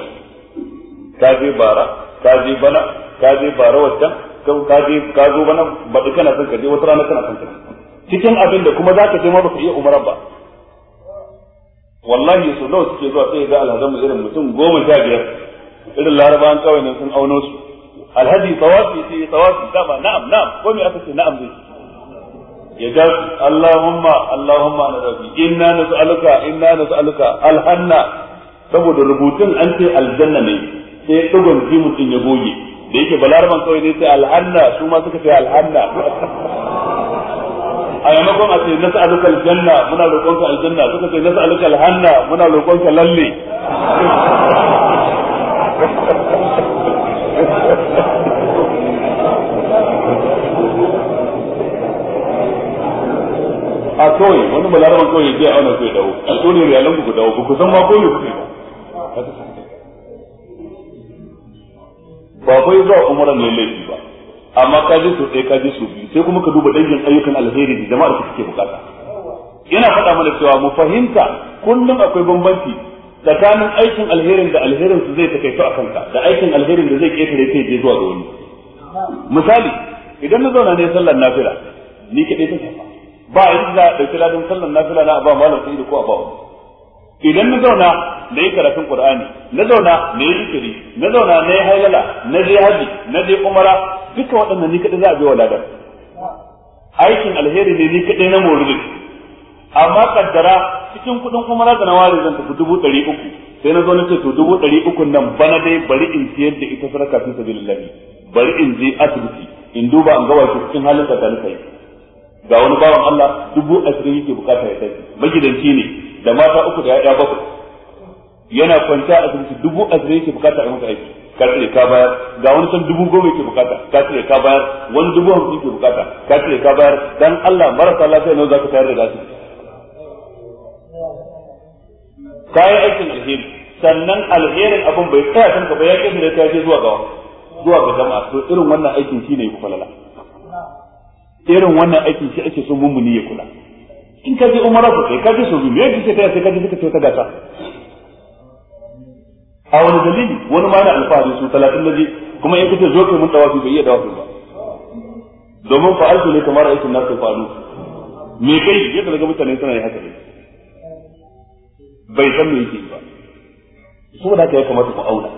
ka je bara ka je bana ka je bara wajen ka je ka zo bana baɗi kana son ka je wata rana kana son ka cikin abin da kuma za ka je ma ka iya umara ba wallahi su nawa suke zuwa sai ga alhazanmu irin mutum goma sha biyar irin larabawan kawai ne sun auno su alhaji tawafi sai tawafi dama na'am na'am ko me aka ce na'am zai ya ga su Allahumma Allahumma na rabbi inna nas'aluka inna nas'aluka alhanna saboda rubutun an ce aljanna ne sai dugun jimin ya goge da yake balaraman kawai ne sai alhanna su ma suka ce alhanna a yamakon a ce nas'aluka aljanna muna roƙonka aljanna muna lalle a kawai wani balaraban kawai ya auna a wannan dawo a tsone riyalan ku dawo ku san ma ko ne kuke ba ba zuwa umaran ne laifi ba amma ka ji su ɗaya ka ji su biyu sai kuma ka duba dangin ayyukan alheri da jama'ar su suke bukata Yana faɗa mana cewa mu fahimta kullum akwai bambanci tsakanin aikin alherin da alherin su zai takaito a kanka da aikin alherin da zai ketare kai je zuwa ga wani misali idan na zauna ne sallar nafila ni kaɗai ta shafa ba yadda za a ɗauki ladin sallan nafila na ba malam sai ko a ba wani idan na zauna na yi karatun qur'ani na zauna na yi zikiri na zauna na yi hailala na je haji na je umara duka waɗannan ni kaɗai za a wa ladan aikin alheri ne ni kaɗai na mordi amma kaddara cikin kuɗin umara da na ware zan tafi dubu ɗari uku sai na zo na ce to dubu ɗari uku nan bana dai bari in ciyar da ita sarakafin fi sabilillah bari in je asibiti in duba an ga cikin halin da ta kai ga wani bawan Allah dubu ashirin yake bukata ya tafi magidanci ne da mata uku da ya'ya bakwai yana kwanta a cikin dubu ashirin yake bukata a masa aiki ka tsire ka bayar ga wani san dubu goma yake bukata ka tsire ka bayar wani dubu hamsin yake bukata ka tsire ka bayar dan Allah marasa lafiya za ka tayar da zasu kayan aikin alheri sannan alherin abin bai tsaya kan ka ba ya kira ta je zuwa ga zuwa ga jama'a to irin wannan aikin shine yi falala irin wannan aikin shi ake so mummuni ya kula in ka je umara ku kai ka je so biyu yadda ce ta sai ka je suka ta gasa a wani dalili wani ma na alfahari su talatin laje kuma in kuce zo kai mun dawafi bai iya dawafi ba domin fa alfu ne kamar aikin nasu faru me kai yadda daga mutane suna yi haka ne bai san me yake ba saboda haka ya kamata ku auna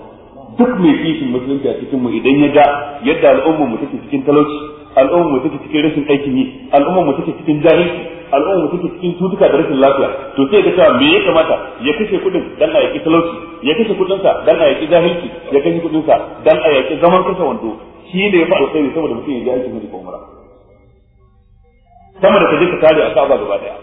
duk mai kishin musulunci a cikinmu idan ya ga yadda al'ummar mu take cikin talauci Al'umma mu take cikin rashin aikin yi al'umma mu take cikin jahilci al'umma mu take cikin tutuka da rashin lafiya to sai ga cewa me ya kamata ya kashe kudin dan a yaki talauci ya kashe kudin sa dan a yaki jahilci ya kashe kudin sa dan a yaki zaman kasa wando shi ne ya faɗo sai saboda mutum ya ji aikin hajji ko umra sama da kaje ka tare a Ka'aba gaba daya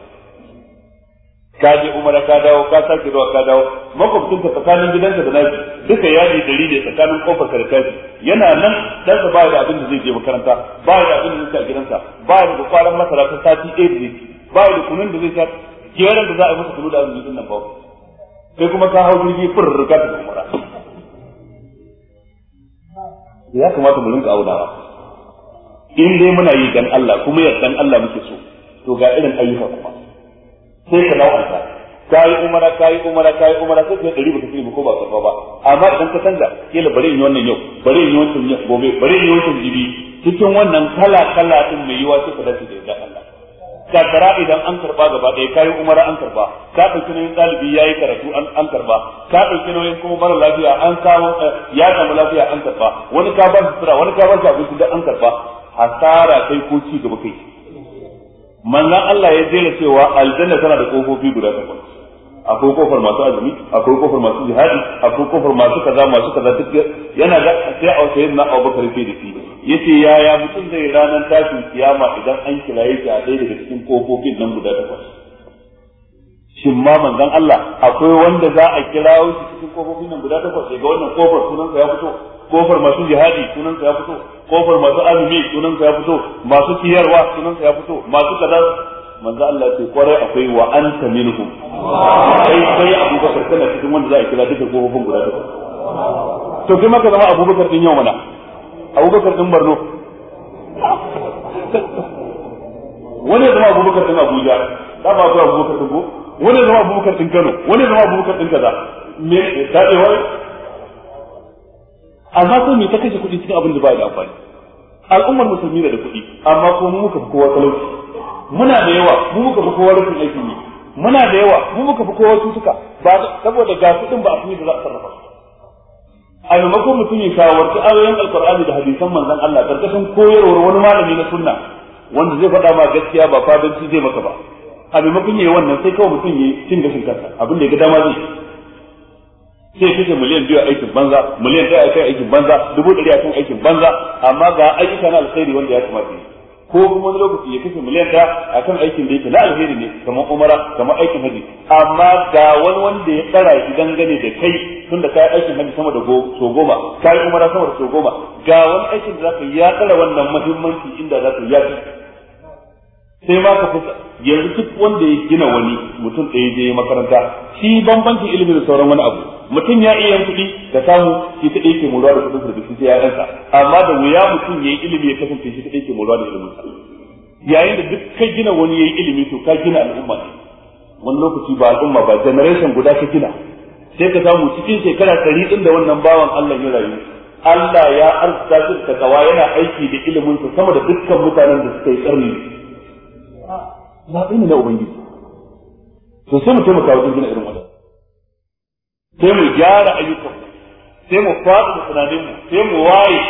ka je umara ka dawo ka sake zuwa ka dawo makwabcinka tsakanin gidanka da naji duka yadi dari ne tsakanin kofar karkashi yana nan dan sa ba da abin da zai je makaranta ba da abin da zai ta gidansa ba da kwaran masara ta sati a da zai ba da kunun da zai ta geran da za a yi masa kunu da azumi nan ba sai kuma ka hau jirgi furr ka da umara ya kamata mu rinka aunawa in dai muna yi dan Allah kuma dan Allah muke so to ga irin ayyuka kuma sai ka nau'anta kayi umara kayi umara kayi umara sai kai dari baka ci ko ba karba ba amma idan ka canza kila bari in yi wannan yau bari in yi wancan yau gobe bari in yi wancan jibi cikin wannan kala kala din mai yiwa sai ka dace da yadda Allah kakara idan an karba gaba ɗaya kayi umara an karba ka ɗauki nauyin ɗalibi ya yi karatu an karba ka ɗauki nauyin kuma mara lafiya an kawo eh, ya samu lafiya an karba wani ka bar sura wani ka bar abinci da an karba hasara kai ko ci gaba kai manzan Allah ya jera cewa aljanna tana da kofofi guda takwas akwai kofar masu azumi akwai kofar masu jihadi akwai kofar masu kaza masu kaza duk yana ga sai a sayin na Abu Bakar fi da shi yace ya mutum zai ranar tashin kiyama idan an kiraye shi a ɗaya daga cikin kofofin nan guda takwas shin ma manzon Allah akwai wanda za a kira shi cikin kofofin nan guda takwas sai ga wannan kofar sunansa ya fito kofar masu jihadi sunansa ya fito kofar masu azumi sunansa ya fito masu kiyarwa sunansa ya fito masu kaza manzo Allah ya ce kwarai akwai wa anta minhum kai kai Abu Bakar kana cikin wanda za a kira duka gofofin guda duka to kai maka zama Abu Bakar din yau mana Abu Bakar din Barno wani zama Abu Bakar din Abuja da ba zuwa Abu Bakar din go wani zama Abu Bakar din Kano wani zama Abu Bakar din kaza me da wai amma ko me ta kashe kuɗi cikin abin da ba da amfani al'ummar musulmi da kuɗi amma kuma muka kowa talauci muna da yawa mu muka fi kowa rufin aikin yi muna da yawa mu muka fi kowa cutuka ba saboda ga kuɗin ba a fi da za a sarrafa a maimakon mutum ya shawarci ayoyin alkur'ani da hadisan manzon Allah karkashin koyarwar wani malami na sunna wanda zai faɗa ma gaskiya ba fadanci zai maka ba a maimakon yayi wannan sai kawai mutum yi cin gashin kansa abin da ya ga dama zai sai kace miliyan biyu a aikin banza miliyan ɗaya a aikin banza dubu ɗari a kan aikin banza amma ga ayyuka na alkhairi wanda ya kamata yi ko kuma wani lokaci ya kashe miliyan ɗaya akan aikin da yake na alheri ne kamar umara kamar aikin haji amma ga wani wanda ya tsara shi dangane da kai tunda kai aikin haji sama da so goma kai umara sama da so goma ga wani aikin da zaka ya tsara wannan muhimmanci inda zaka yi sai ma ka fuka yanzu duk wanda ya gina wani mutum ɗaya je makaranta shi bambancin ilimi da sauran wani abu mutum ya iya yin kuɗi da samu shi ta ɗaya ke moruwa da kuɗin da shi ya ɗansa amma da wuya mutum ya yi ilimi ya kasance shi ta ɗaya ke moruwa da ilimin sa yayin da duk kai gina wani ya yi ilimi to ka gina al'umma ne wani lokaci ba al'umma ba generation guda ka gina sai ka samu cikin shekara ɗari ɗin da wannan bawan Allah ya rayu Allah ya arzikin da takawa yana aiki da ilimin sama da dukkan mutanen da suka yi tsarni zaɓe ne na ubangiji to sai mu taimaka wajen gina irin wannan sai mu gyara ayyukan sai mu faɗi da tunanin mu sai mu waye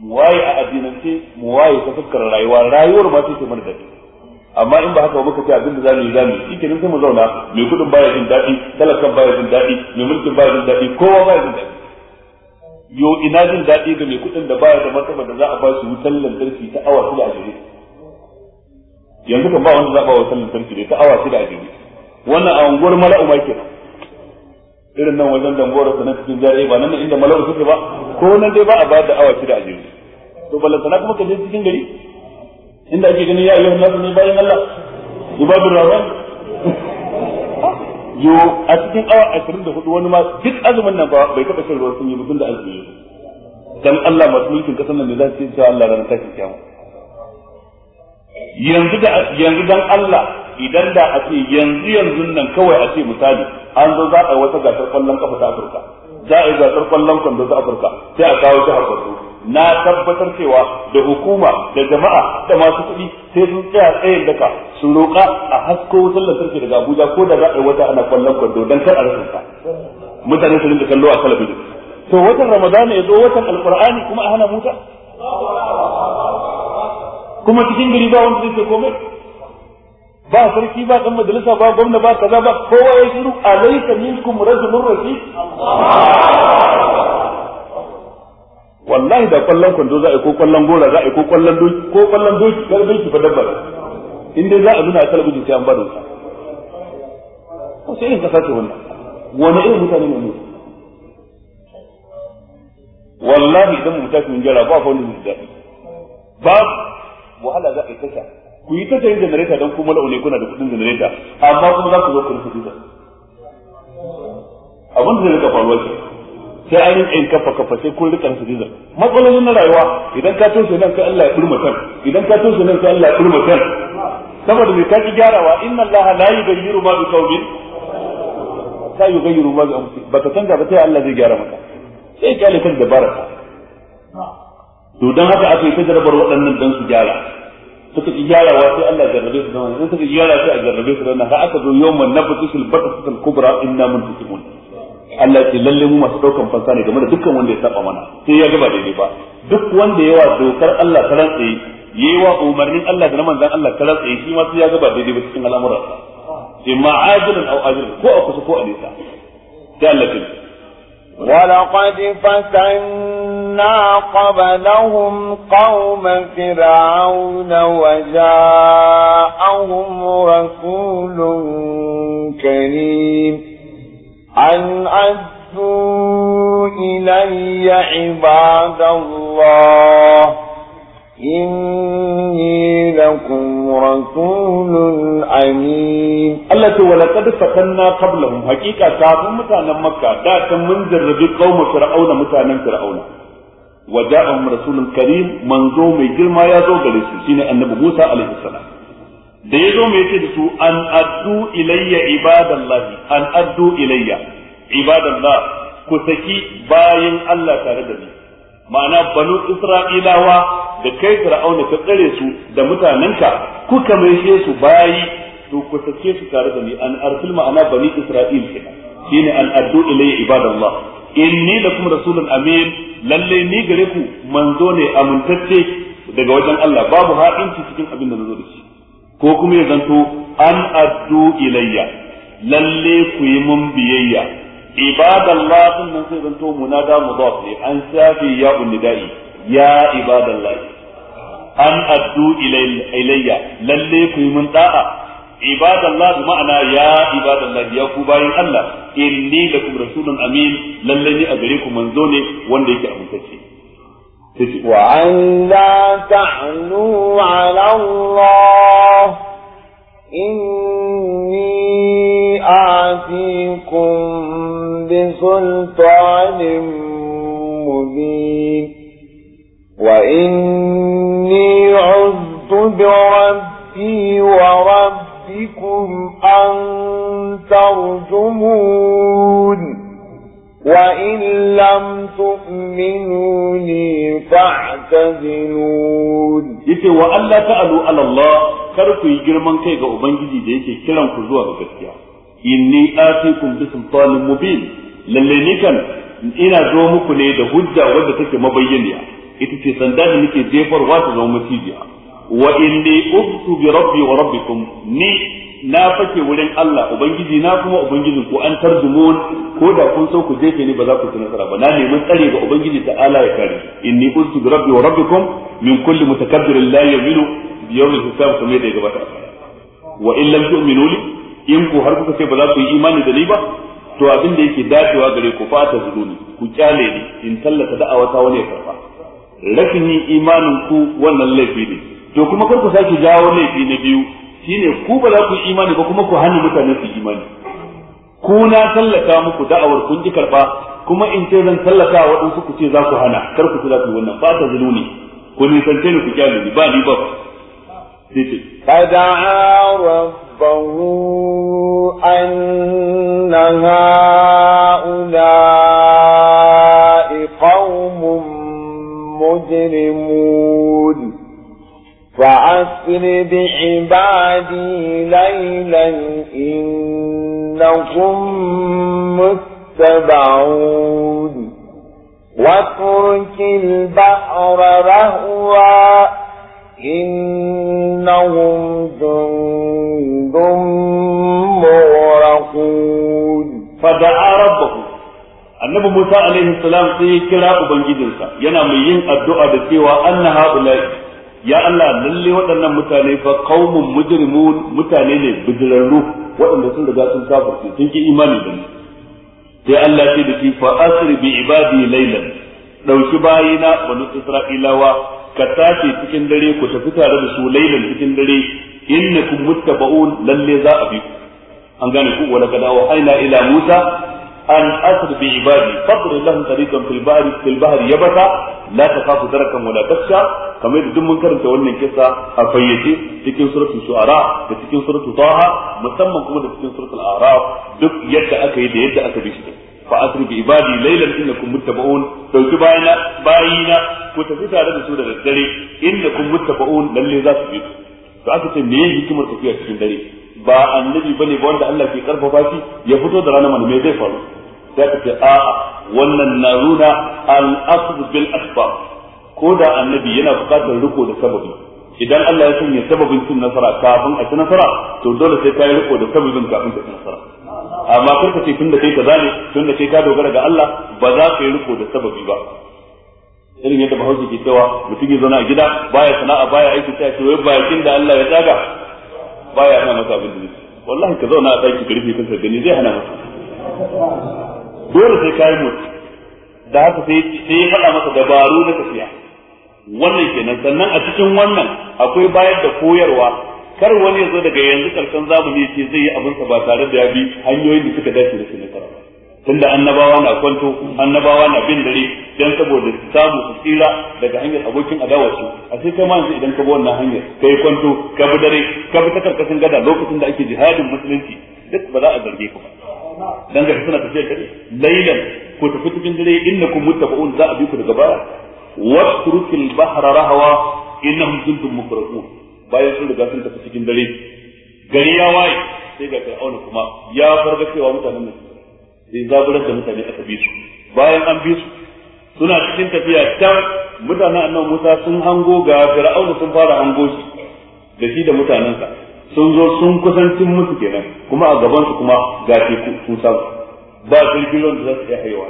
mu waye a addinance mu waye ta fuskar rayuwa rayuwar ma sai ta mana daɗi amma in ba haka ba muka ce abin da zamu yi zamu yi kenan sai mu zauna mai kudin baya jin daɗi talakan baya jin daɗi mai mulkin baya jin daɗi kowa baya jin daɗi yo ina jin daɗi ga mai kuɗin da baya da martaba da za a ba shi wutar lantarki ta awa shida a jere yanzu kan ba wanda zaba wa sallar sarki da ta awa shida a jirgi wannan a unguwar mala'u ma ke irin nan wajen dangora sanan cikin jari'a ba nan inda mala'u suke ba ko nan dai ba a bayar da awa shida a jirgi. to ballantana kuma kaje cikin gari inda ake ganin ya ayyuhan nasu ne bayan Allah ibadur rahman yo a cikin awa 24 wani ma duk azumin nan ba bai taba shan sun yi mutum da azumi dan Allah masu mulkin kasan nan ne za su ce Allah ranar tashin kiyama yanzu da yanzu dan Allah idan da a ce yanzu yanzu nan kawai a ce misali an zo za a wata gasar kwallon kafa ta Afirka za a gasar kwallon kwando ta Afirka sai a kawo ta Afirka na tabbatar cewa da hukuma da jama'a da masu kuɗi sai sun tsaya tsayin daka su roƙa a hasko wutar lantarki daga Abuja ko da za a wata ana kwallon kwando dan kar a rasa mutane su rinka kallo a talabijin to watan ramadana ya zo watan alqur'ani kuma a hana muta kuma cikin gari ba wanda zai ce komai ba sarki ba dan majalisa ba gwamna ba kaza ba kowa ya shiru alaysa minkum rajulun rafi wallahi da kwallon kwando za a yi ko kwallon gora za a yi ko kwallon doki ko kwallon doki ga doki fa dabbar in dai za a zuna a talabijin sai an bada wuta ko sai in kasa ce wannan wani irin mutane ne mu. wallahi idan mu tafi mun jira ba fa wani zai ba wahala za a yi tasha ku yi tasha yin janareta don kuma la'une kuna da kudin janareta amma kuma za ku zo ku rufe dutsen abin da zai rika faruwa ke sai an yi in kafa kafa sai kun rika rufe dutsen matsalolin na rayuwa idan ka toshe nan sai Allah ya burma kan idan ka toshe nan sai Allah ya burma kan saboda mai kaki gyarawa inna Allah la yughayyiru ma bi qaumin ta yughayyiru ma bi ba baka canza ba sai Allah zai gyara maka sai kyale kan dabara to dan haka aka yi ta jarabar waɗannan dan su gyara suka ji gyarawa sai Allah jarrabe su da wannan suka ji gyara sai a jarrabe su da wannan har aka zo yawman nabtishin batatul kubra inna muntakimun Allah ce lalle mu masu daukan fansa ne game da dukkan wanda ya saba mana sai ya gaba daidai ba duk wanda yawa dokar Allah ta rantsa yayi wa umarnin Allah da manzon Allah ta rantsa shi ma sai ya gaba daidai ba cikin al'amuran imma ajilan aw ajilan ko a kusa ko a nesa sai Allah ya ce ولقد فتنا أهلكنا قبلهم قوم فرعون وجاءهم رسول كريم أن أدوا إلي عباد الله إني لكم رسول أمين الله ولقد فتنا قبلهم حقيقة كافر متانا مكة دا من جربي قوم فرعون متانا فرعون wa ja'ahum rasulun karim manzo mai girma ya zo gare su shine annabi Musa alaihi salam da ya zo mai ce da su an addu ilayya an addu ilayya ku saki Allah tare da ni ma'ana banu isra'ilawa da kai fir'auna ka tsare su da mutanenka kuka maishe su bayi to ku sake su tare da ni an arsil ma'ana bani isra'il kenan shine an addu ilayya ibadallah inni lakum rasulun amin lalle ni gare ku manzo ne amintacce daga wajen Allah babu haɗinci cikin abin da zo da shi ko kuma ya zanto an addu ilayya lalle ku yi mun biyayya ibadallah din nan sai zanto munada mudaf ne an shafi ya unidai ya ibadallah an addu ilayya lalle ku yi mun da'a ibadallah bi ma'ana ya ibadallah ya ku bayin Allah inni lakum rasulun amin lalle ni a gare ku manzo ne wanda yake amintacce وأن لا تعلوا على الله إني آتيكم بسلطان مبين وإني عذت بربي ربي وربكم أن ترجمون وإن لم تؤمنوني فاعتزلون يتي وأن لا تألوا على الله كركو من كيغا أبنجي دي يتي كلام كزوا بكتيا إني آتيكم بسلطان مبين للي كان إنا zo muku ne da تكي wadda take mabayyaniya ita ce sanda da nake wa inni ubtu bi rabbi wa rabbikum ni na fake wurin Allah ubangiji na kuma ubangijin ku an tarjumun ko da kun so ku jefe ni ba za ku ci nasara ba na nemi tsare ga ubangiji ta'ala ya kare inni ubtu bi rabbi wa rabbikum min kulli mutakabbirin la yamilu bi yawmil hisab kuma da gaba ta wa in lam tu'minu li in ku har kuka ce ba za ku yi imani da ni ba to abin da yake dacewa gare ku fata ta zuluni ku kyale ni in tallata da'awata wani ya karba rashin yin imanin ku wannan laifi ne to kuma kar ku sake jawo laifi na biyu shine ku ba za ku yi imani ba kuma ku hana mutane su imani ku na tallata muku da'awar kun ji karba kuma in ce zan tallata wa waɗansu ku ce za ku hana kar ku za ku yi wannan ba ta zuluni ku nisance ni ku kyale ni ba ni ba sai ce ربه أن هؤلاء قوم مجرمون فأسر بعبادي ليلا إنكم متبعون واترك البحر رهوا إنهم جند مغرقون فدعا ربه annabi Musa alaihi salam sai ya kira ubangijinsa yana mai yin addu'a da cewa anna haula'i ya Allah lalle waɗannan mutane fa qaumun mujrimun mutane ne bidirarru waɗanda sun riga sun kafirce sun ki imani da ni sai Allah ce da shi fa asri bi ibadi laylan dauki bayina banu isra'ilawa ka tashi cikin dare ku tafi tare da su laylan cikin dare innakum muttaba'un lalle za a bi an gane ku wala kada wa aina ila musa an asr bi ibadi fadr lahum tariqan fil bahri fil bahri yabata la takhafu darakan wala takhsha kamar duk mun karanta wannan kisa a fayyace cikin suratul shu'ara da cikin suratul taha musamman kuma da cikin suratul a'raf duk yadda aka yi da yadda aka bi shi fa asri bi ibadi laylan innakum muttabaun dauki bayina bayina ku tafi tare da su da daddare innakum muttabaun lalle za su bi to aka ce me hikimar tafiya cikin dare ba annabi bane ba wanda Allah ke karfafa shi ya fito da rana mana me zai faru za ka ce a'a wannan na nuna al-asr bil asbab ko da annabi yana bukatar riko da sababi idan Allah ya sanya sababin cin nasara kafin a ci nasara to dole sai ka yi riko da sababin kafin ka ci nasara amma kar ka ce tunda kai ka ne tunda kai ka dogara ga Allah ba za ka yi riko da sababi ba irin yadda bahaushe ke cewa mutum ya zauna a gida baya sana'a baya aiki sai ce wai bakin da Allah ya tsaga baya hana masa abin da wallahi ka zauna a ɗaki karfi kanka gani zai hana masa dole sai kayi motsi da haka sai sai ya faɗa masa dabaru na tafiya wannan kenan sannan a cikin wannan akwai bayar da koyarwa kar wani ya zo daga yanzu karshen zamani ce zai yi sa ba tare da ya bi hanyoyin da suka dace da su nasara tunda annabawa na kwanto annabawa na bin dare dan saboda su samu su tsira daga hanyar abokin adawa a sai kai ma yanzu idan ka bi wannan hanyar kai kwanto ka bi dare ka bi ta karkashin gada lokacin da ake jihadin musulunci duk ba za a zarge ka ba dan ga suna tafiya dare laylan ko tafi cikin dare innakum muttaqun za a bi ku daga baya wasrukil bahra rahwa innahum kuntum mukrahun bayan sun riga sun tafi cikin dare gari ya waye sai ga fir'auna kuma ya farga cewa mutanen nan sai zaburar da mutane aka bi su bayan an bi su suna cikin tafiya ta mutanen annabi Musa sun hango ga fir'auna sun fara hango shi da shi da mutanensa sun zo sun kusancin musu kenan kuma a gaban su kuma ga shi sun samu ba jirgin ruwan da za su iya haihuwa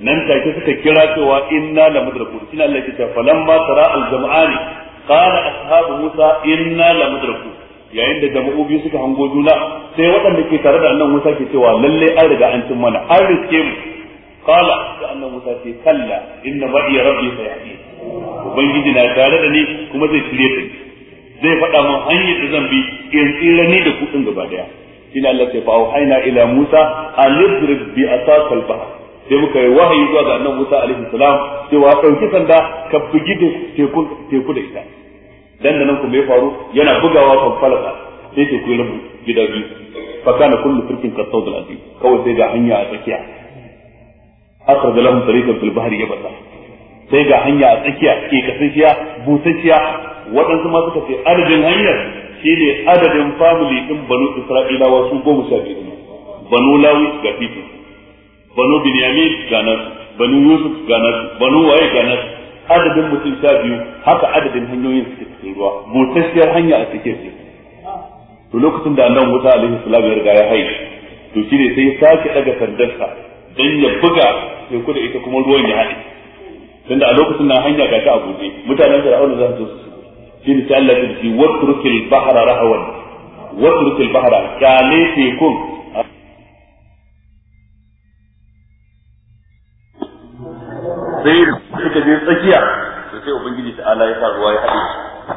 nan take suka kira cewa inna la mudrakun shine Allah ya ce ma tara al jama'ani qala ashabu musa inna la mudrakun yayin da jama'u biyu suka hango juna sai waɗanda ke tare da annan musa ke cewa lalle an riga an cin mana an riske mu qala da annan musa ce kalla inna ma'iya rabbi sayahdi ubangiji na tare da ni kuma zai shirye ta zai faɗa min hanyar da zan bi in tsira ni da kuɗin gaba daya shine Allah ya fa auhayna ila Musa an yadrib bi asaqal bahr sai muka yi wahayi zuwa ga annabi Musa alaihi salam cewa dauki sanda ka bugi da teku teku da ita dan nan kuma ya faru yana bugawa kan falaka sai teku ya rubu gida biyu fa kana kullu firqin kasawd al-azim kawai sai ga hanya a tsakiya akhraj lahum tariqan fil bahri yabasa sai ga hanya a tsakiya ke kasashiya busasshiya waɗansu ma suka ce adadin hanyar shine adadin family din banu isra'ilawa su goma sha biyu banu lawi ga titi banu binyamin ga nasu banu yusuf ga nasu banu waye ga nasu adadin mutum sha biyu haka adadin hanyoyin suke cikin ruwa mutashiyar hanya a cikin su to lokacin da annabi Musa alaihi salam ya riga ya haihu to shine sai ya sake daga sandarsa dan ya buga sai kuda ita kuma ruwan ya haɗe tunda a lokacin nan hanya ga ta a buɗe mutanen Fir'auna za su zo su shi ne sai Allah ya ce watrukil bahra rahawan watrukil bahra kale tekun sai suka je tsakiya to sai ubangiji ta ya sa ruwa ya haɗe da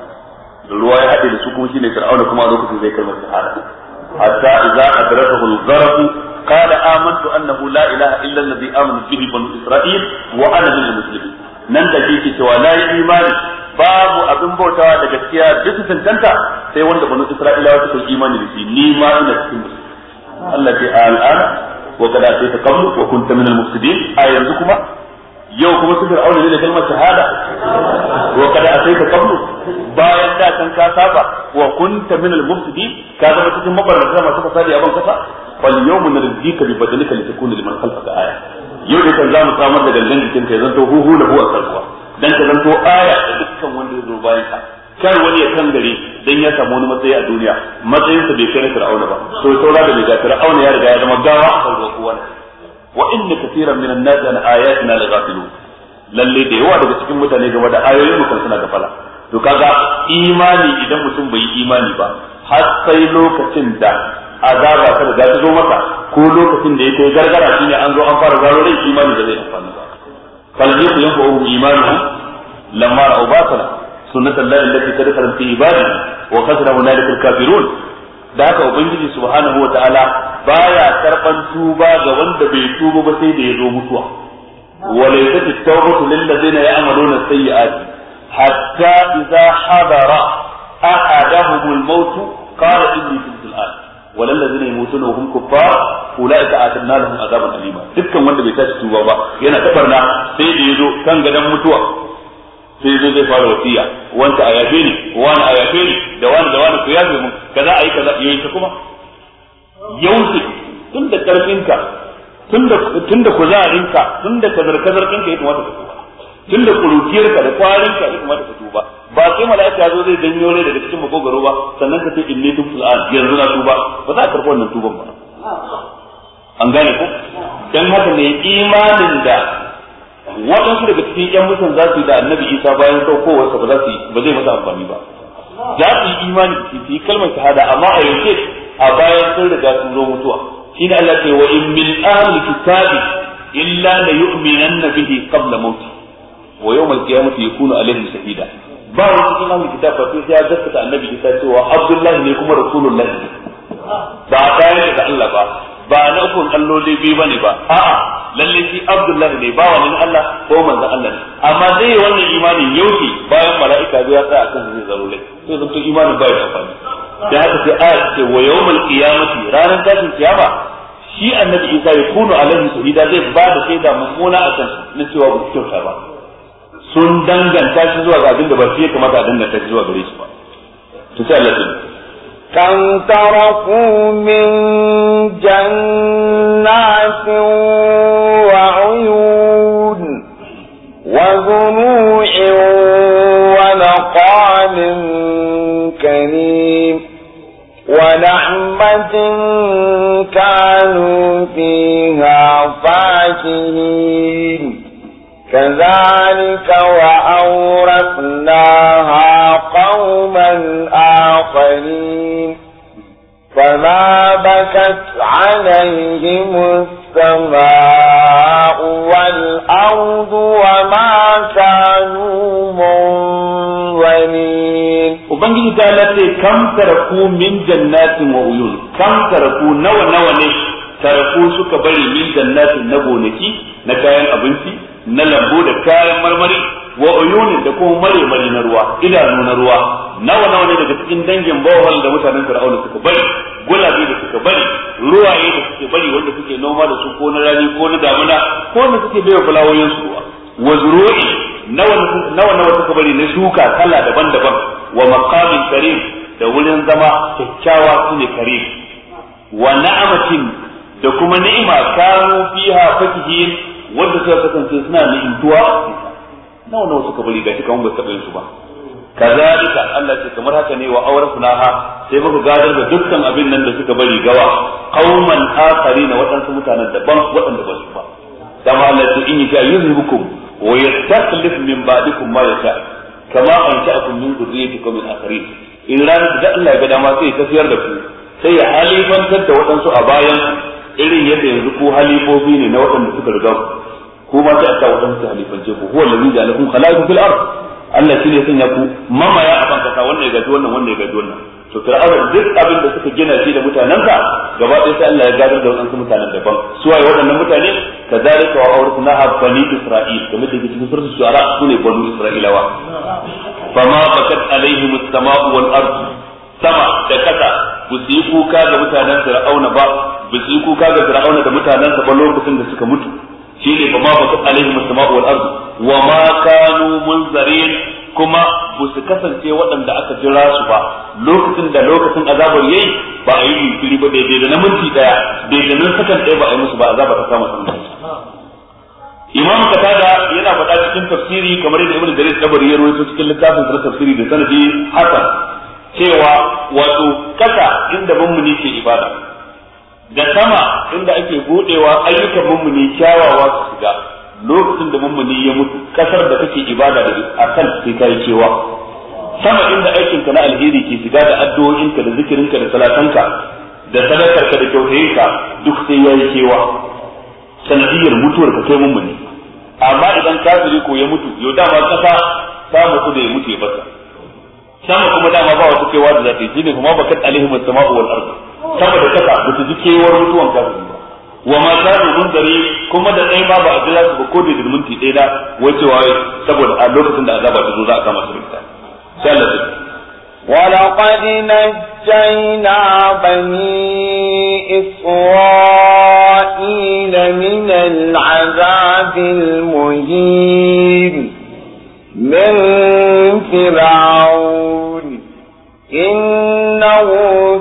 ruwa ya haɗe da su kuma shine fir'auna kuma a lokacin zai kalmar shahada hatta idza adrakahu al-gharq qala amantu annahu la ilaha illa alladhi amanu bihi banu isra'il wa nan da yake imani babu abin bautawa da gaskiya bisa tanta sai wanda banu isra'ilawa suka imani da shi ni ma ina cikin musu Allah ce al'an wa kada sai ta kamu wa kunta min al-mufsidin a yanzu kuma yau kuma su fir'auna ne da kalmar shahada wa kada sai ta kamu bayan da kan ka saba wa kunta min al-mufsidin ka zama cikin mabarrata masu fasadi a ban kasa fal yawma narjika bi badalika litakuna liman khalfaka aya yau da kan zamu samar da gangan jikin kai zanto huhu lahu a sarkuwa dan ka zanto aya da dukkan wanda zai zo bayan ka kar wani ya kan gare dan ya samu wani matsayi a duniya matsayinsa bai kai na fir'auna ba to saura da daga fir'auna ya riga ya zama gawa a kan kowa wa inna katiran minan nas an ayatina laghafilun lalle da yawa daga cikin mutane game da ayoyin mu suna gafala to kaga imani idan mutum bai yi imani ba har sai lokacin da azaba ta da ta zo maka ko lokacin da ya kai gargara shine an zo an fara zaro rai imani da zai amfani ba falzai imani imani lamma ra'u basana sunnatul lahi allati qad khalat fi ibadi wa kasara hunalika al-kafirun da haka ubangiji subhanahu wa ta'ala baya karban tuba ga wanda bai tuba ba sai da ya zo mutuwa wa laysat at-tawbatu وللذين يموتون وهم كفار اولئك اعتدنا لهم عذابا اليما dukkan wanda bai tashi tuba ba yana tafarna sai da yazo kan gadan mutuwa sai zo zai fara wasiya wanda a yafe ni wani a yafe ni da wani da wani ku yafe mu kaza yi kaza yi ta kuma yausu tun da karfinka tun da kuzarinka tun da kazar kazar ɗinka ya kamata ka tuba tun da kurukiyarka da kwarinka ya kamata ka tuba ba sai mala'ika ya zo zai janyo ne daga cikin makogaro ba sannan ka ce ne tun al'an yanzu na tuba ba za a karɓi wannan tuban ba an gane ku dan haka ne imanin da waɗansu daga cikin yan mutan za su yi da annabi isa bayan saukowarsa ba za su ba zai masa amfani ba za su yi imani su yi kalmar shahada amma a yanke a bayan sun riga sun zo mutuwa shine Allah ce wa in min ahli kitabi illa la yu'minanna bihi qabla mawti wa yawm al-qiyamati yakunu alaihim shahida ba wani cikin ahli kitabi sai ya gaskata annabi isa cewa abdullahi ne kuma rasulullahi ba tare da Allah ba ba na ukun alloli biyu bane ba a'a lalle shi abdullah ne bawa na Allah ko manzon Allah ne amma zai yi wannan imanin yauki bayan mala'ika zai tsaya akan zai zaro lai sai to imanin bai da amfani da haka sai aya ce wa yawmal qiyamati ranar tashin kiyama shi annabi Isa ya kunu alaihi da zai ba da shaida mummuna kan na cewa ba kyauta ba sun danganta shi zuwa ga abinda ba shi ya kamata a danganta shi zuwa gare shi ba to sai Allah ya كم تركوا من جنات وعيون وزروع ونقال كريم ونعمة كانوا فيها فاكهين كذلك وأورثناها قوما آخرين فما بكت عليهم السماء والأرض وما كانوا منظرين وبنجي تالتي كم تركوا من جنات وعيون كم تركوا نوى نوى نش تركوا سكبري من جنات النبو نكي نكاين أبنتي na lambu da kayan marmari wa uyunin da kuma mare na ruwa idanu na ruwa nawa nawa ne daga cikin dangin bawal da mutanen fir'auna suka bari gulabe da suka bari ruwaye da suke bari wanda suke noma da su ko na rani ko na damuna ko wanda suke baiwa fulawoyin su ruwa wa zuru'i nawa nawa suka bari na shuka kala daban-daban wa maqamin karim da wurin zama kyakkyawa ne karim wa na'amatin da kuma ni'ima kanu fiha fakihin wanda suka kasance suna ni'intuwa nawa nawa suka bari gashi kamar ba su taɓa su ba kazalika Allah ce kamar haka ne wa kunaha sai muka gadar da dukkan abin nan da suka bari gawa qauman akharin waɗansu mutanen daban waɗanda ba su ba kama Allah ce in yaka yuzhibukum wa yastakhlifu min ba'dikum ma yasha kama an ansha'akum min dhurriyyatikum min akharin in ranar da Allah ya ga dama sai ya tafiyar da ku sai ya halifantar da waɗansu a bayan irin yadda yanzu ko halifofi ne na waɗanda suka riga ko ma sai a sa wadansu su halifance ku huwa allazi ja'alakum khala'ifa fil ard Allah shine ya sanya ku mamaya a banka wannan ya gaji wannan wannan ya gaji wannan to fir'aun duk abin da suka gina shi da ka gaba ɗaya sai Allah ya gadar da wannan mutanen daban su waye waɗannan mutane kazalika wa awrasna bani isra'il kamar da cikin suratul su ne bani isra'ilawa fama bakat alaihim as-sama'u wal ard sama da kasa ba su yi kuka ga mutanen fir'auna ba ba su yi kuka ga fir'auna da sa ba lokacin da suka mutu shine ba ma bakat alaihim as-sama'u wal ardu wa ma kanu munzarin kuma ba su kasance waɗanda aka jira su ba lokacin da lokacin azabar yayi ba a yi jinkiri ba daidai da na minti daya daidai na sakan ɗaya ba a yi musu ba azabar ta samu sun Imam Qatada yana faɗa cikin tafsiri kamar yadda Ibn Jarir Tabari ya rawaito cikin littafin sa tafsiri da sanadi hasan cewa wato kasa inda mummuni ke ibada da sama inda ake budewa ayyukan mummuni kyawawa su shiga lokacin da mummuni ya mutu kasar da take ibada da a kan sai kai cewa sama inda aikin ka na alheri ke shiga da addu'o'inka da zikirinka da salatanka da sadakarka da kyautayinka duk sai ya yi cewa sanadiyar mutuwar ka kai mummuni amma idan kafiri ko ya mutu yau dama kasa ta mutu da ya mutu ya bata sama kuma dama ba wata kewa da zata yi shine kuma bakat alaihim as-sama'u wal ardh sama da kasa ba su ji kewar mutuwan kafiri ba wa ma ta kanu mundari kuma da ɗaya ba ba a jira su ba ko da dirminti ɗaya da wace waye saboda a lokacin da azaba ta zo za a kama su da sai Allah ya ولقد نجينا بني إسرائيل من العذاب المهين من فرعون إنه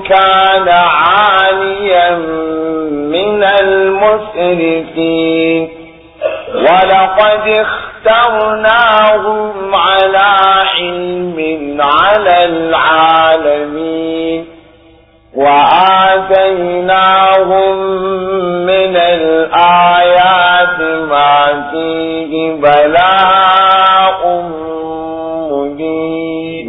كان عاليا من المسرفين ولقد اخترناهم على علم على العالمين وآتيناهم من الآيات ما فيه بلاء مبين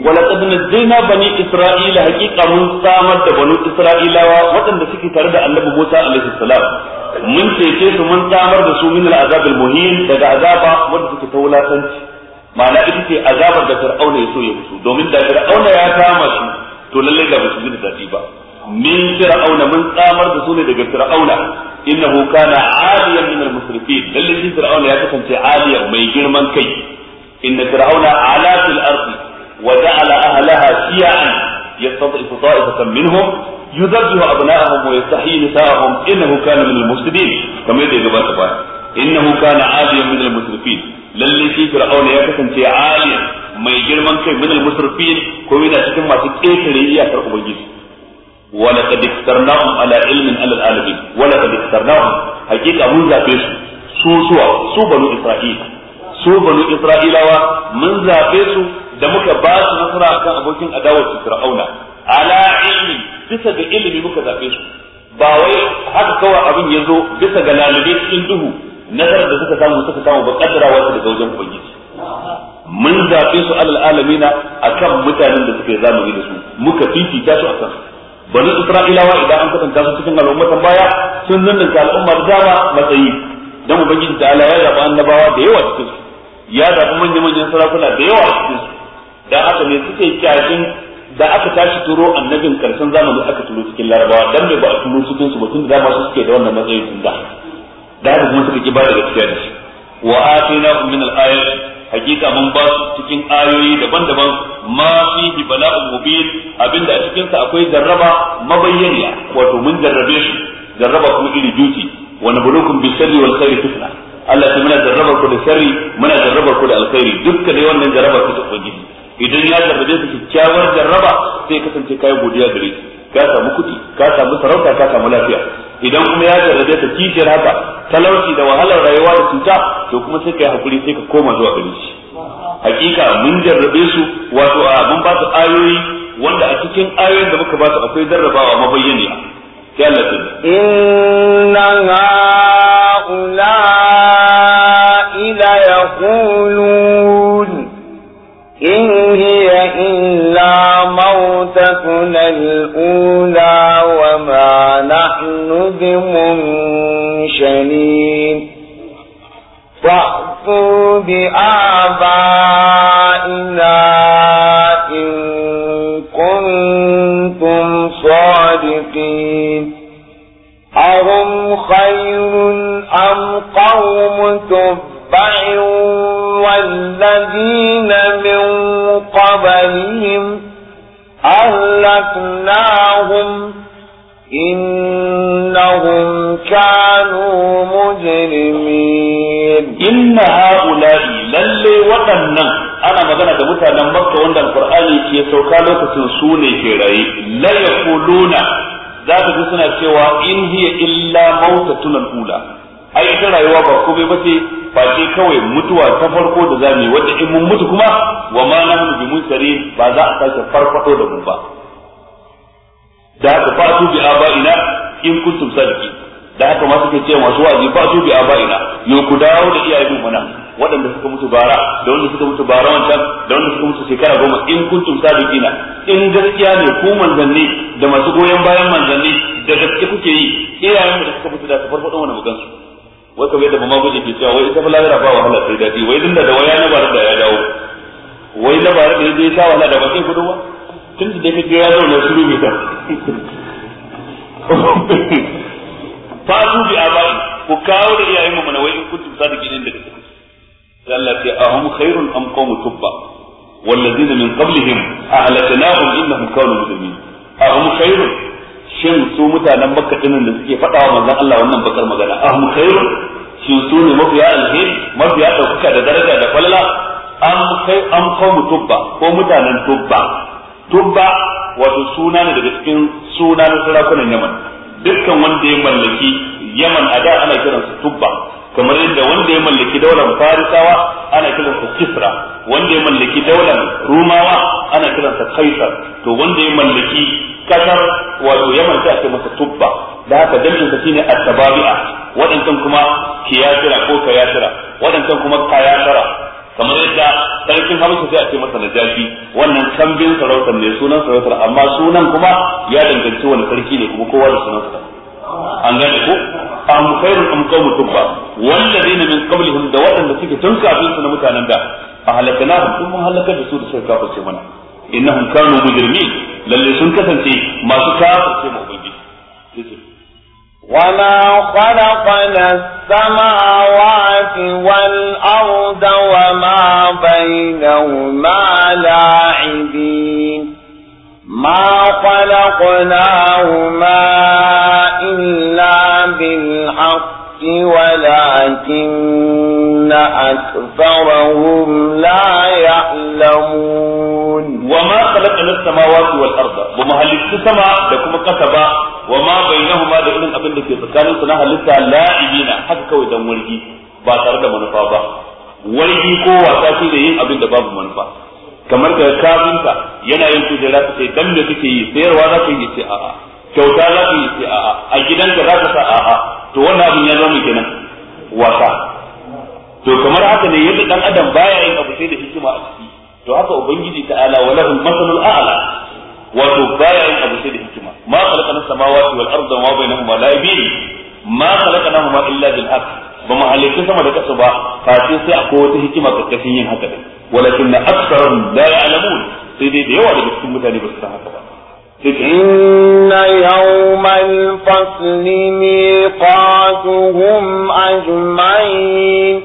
na bani isra'ila haƙiƙa mun samar da banu isra'ilawa waɗanda suke tare da annabi Musa alaihi salam mun cece su mun samar da su min al'azab al-muhin daga azaba wanda suke ta wulakanci ma'ana ita ce azabar da fir'auna ya so ya musu domin da fir'auna ya kama su to lalle da ba su ji da dadi ba min fir'auna mun samar da su ne daga fir'auna innahu kana aliyan min al-musrifin lalle fir'auna ya kasance aliyan mai girman kai inna fir'auna ala fil ardi وجعل أهلها شيعا يستضعف طائفة منهم يذبح أبناءهم ويستحيي نساءهم إنه كان من المفسدين كما يدعي جبات باي إنه كان عاليا من المسرفين للي في فرعون يكسن في عاليا ما يجرمن كي من المسرفين كوينا شكما تتأثر إياك رقم الجيش ولقد اخترناهم على علم على العالمين ولقد اخترناهم حقيقة من ذاكيش سوسوا سو بنو إسرائيل su banu isra'ilawa mun zaɓe su da muka ba su nasara kan abokin adawar su fir'auna ala ilmi bisa ga ilimi muka zabe su ba wai haka kawai abin ya zo bisa ga lalube cikin duhu nasarar da suka samu suka samu ba kaddarawa su daga wajen ubangiji mun zabe su alal alamina akan mutanen da suka yi zamani da su muka fifita su akan su bani isra'ilawa idan an kasance su cikin al'ummatan baya sun nuna ka al'umma da dama matsayi dan ubangiji ta Allah ya zaba annabawa da yawa cikin su ya zaba manya manyan sarakuna da yawa cikin su dan haka ne suke kyashin da aka tashi turo annabin karshen zamani aka turo cikin larabawa dan bai ba a turo cikin su ba tun da dama su suke da wannan matsayin tun da da haka kuma suka ki ba da gaskiya da shi wa atina min al-ayat hakika mun ba su cikin ayoyi daban-daban ma fihi bala'un mubin abinda a cikin sa akwai jarraba mabayyaniya wato mun jarrabe shi jarraba kuma iri duti wa nabluukum bis-sirri wal khairi fitna Allah ta muna jarrabar ku da sharri muna jarrabar ku da alkhairi dukkan wannan jarrabar ku ta ubangiji idan ya jarrabe su kyakkyawar jarraba sai kasance kai godiya gare shi ka samu kuɗi ka samu sarauta ka samu lafiya idan kuma ya jarrabe su kishiyar haka talauci da wahalar rayuwa da cuta to kuma sai kai hakuri sai ka koma zuwa gare shi hakika mun jarrabe su wato a mun ba su ayoyi wanda a cikin ayoyin da muka ba su akwai jarrabawa mabayyaniya sai Allah ta inna ha'ula ila yaqul سنتنا الأولى وما نحن بمنشنين فأتوا بآبائنا إن كنتم صادقين أهم خير أم قوم تبع والذين من قبلهم أهلكناهم إنهم كانوا مجرمين إن هؤلاء للي وطننا ana magana da mutanen makka wanda alqur'ani ke sauka lokacin su ne ke raye la yaquluna za ta ji suna cewa in illa mautatun al-ula ai ita rayuwa ba bace ba ce kawai mutuwa ta farko da za mu wanda in mun mutu kuma wa ma na mu bi munsari ba za a sake farfado da mu ba da haka fatu bi aba'ina in kuntum sadiki da haka ma suke cewa su wa'azi fatu bi aba'ina yau ku dawo da iyayen mu nan waɗanda suka mutu bara da wanda suka mutu bara wancan da wanda suka mutu shekara goma in kuntum sadiqina in gaskiya ne ku manzanni da masu goyon bayan manzanni da gaske kuke yi iyayen da suka mutu da su farfaɗo wani magansu wai kamar yadda mama guje ke cewa wai ita fa lahira ba wahala sai dadi wai dinda da waya na bara da ya dawo wai na bara da ya je ta wahala da ba sai gudu ba tun da dai ga ya zo na shiru ne ta fa su bi abai ku kawo da iyayen mu mana wai in kuntum sadiqin da kake Allah ya ahum khairun am qawmu tubba والذين من قبلهم أهلكناهم إنهم كانوا مجرمين أهم خير shin su mutanen makka dinin da suke faɗa wa manzon Allah wannan bakar magana ahum khairu shin su ne mafiya alheri mafiya ɗaukaka da daraja da falala am kai am qawmu tubba ko mutanen tubba tubba wato suna ne daga cikin suna na sarakunan Yaman dukkan wanda ya mallaki Yaman a da ana kiransa tubba kamar yadda wanda ya mallaki daular farisawa ana kiransa kisra wanda ya mallaki daular rumawa ana kiransa kaisar to wanda ya mallaki kasar wato yaman sai ake masa tubba da haka dangin sa shine at-tababi'a waɗancan kuma kiyasira ko kayasira waɗancan kuma kayasara kamar yadda sarkin Hausa sai ake masa najafi wannan kambin sarautar ne sunan sarautar amma sunan kuma ya danganci wani sarki ne kuma kowa da sunansa an gane ko am khairun am qawmu tubba walladheena min qablihim da wadanda suke tun kafin su na mutanen da a halakana da halaka da su da suka kafirce mana innahum kanu mujrimin lalle sun kasance masu kafirce mu ubangiji وما خلقنا السماوات والأرض وما بينهما لاعبين ما خلقناهما إلا بالحق ولكن أكثرهم لا يعلمون وما خلقنا السماوات والأرض وما هلكت السماء لكم كسبا وما بينهما لإذن أبن لكي تكانوا سنها لسا لاعبين حتى كوي دمورجي ba tare da manufa ba wargi ko wasa shi da yin abin da babu manufa kamar da kafinta yana yin za ta ce dan me kake yi sayarwa za ka yi ce a'a kyauta za ka yi ce a'a a gidanka za ka sa a'a to wannan abin ya zama kenan wasa to kamar haka ne yadda dan adam baya yin abu sai da hikima a ciki to haka ubangiji ta'ala wa lahul masalul a'la wato baya yin abu sai da hikima ma khalaqana samawati wal arda wa bainahuma la'ibin ma khalaqnahuma illa bil haqq ba mu halitta sama da kasa ba face sai akwai wata hikima karkashin yin haka din walakin na aksarun la ya'lamun sai dai da yawa daga cikin mutane ba su san haka ba إن يوم الفصل ميقاتهم أجمعين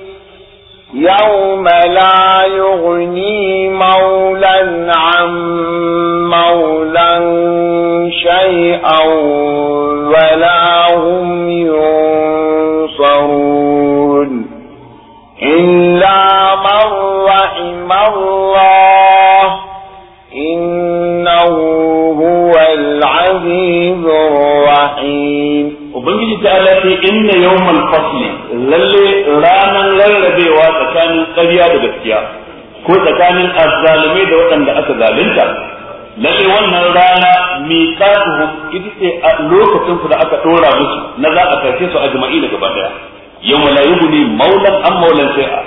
يوم لا يغني مولا عن مولا شيئا ولا هم ينصرون ينصرون إلا من رحم الله إنه هو العزيز الرحيم Ubangiji ta Allah sai inna yawmal fasli lalle ranan lallabewa tsakanin ƙarya da gaskiya ko tsakanin azzalumai da waɗanda aka zalunta lalle wannan rana miqatuhum ita ce a lokacin su da aka dora musu na za a tace su na gaba daya yawma la yughni maulan am maulan sai'a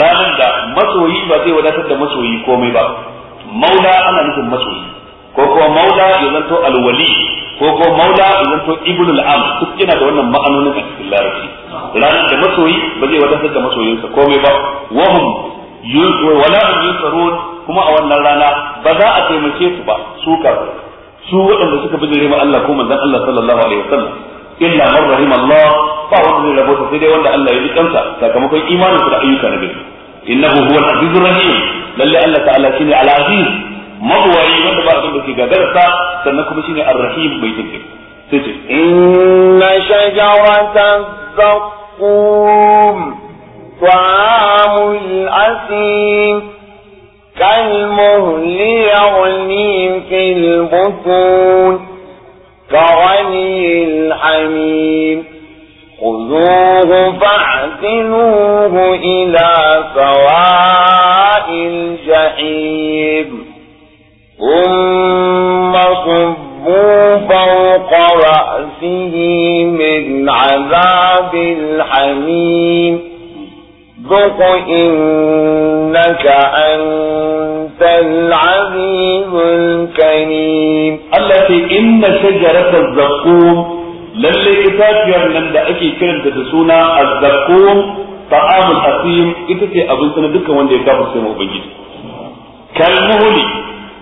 ranar da masoyi ba zai wadatar da masoyi komai ba maula ana nufin masoyi ko kuma maula ya zanto alwali ko kuma maula ya zanto ibnul am duk yana da wannan ma'anonin a cikin larabci ranar da masoyi ba zai wadatar da masoyinsa komai ba wahum wala yusarun kuma a wannan rana ba za a taimake su ba su kafirai su waɗanda suka bijire ma Allah ko manzon Allah sallallahu alaihi wasallam illa man rahima Allah ba wanda zai rabota sai dai wanda Allah ya ji kansa sakamakon imanin su da ayyuka na gari innahu huwal azizur rahim lalle Allah ta'ala shine al-aziz mabwayi wanda ba abin da ke gagarsa sannan kuma shine ar-rahim bai tinke sai ce inna shajaratan zaqum طعام الأثيم كالمهل يغلي في البطون كغلي الحميم خذوه فاعتنوه إلى سواء الجحيم ثم صبوا فوق رأسه من عذاب الحميم ذق إنك أنت العزيز الكريم التي إن شجرة الزقوم للي إتاتيا من دعكي كلمة تسونا الزقوم طعام الأسيم إتتي أبو سنة دكا واندي دي كابر سيما أبنجي كالمهلي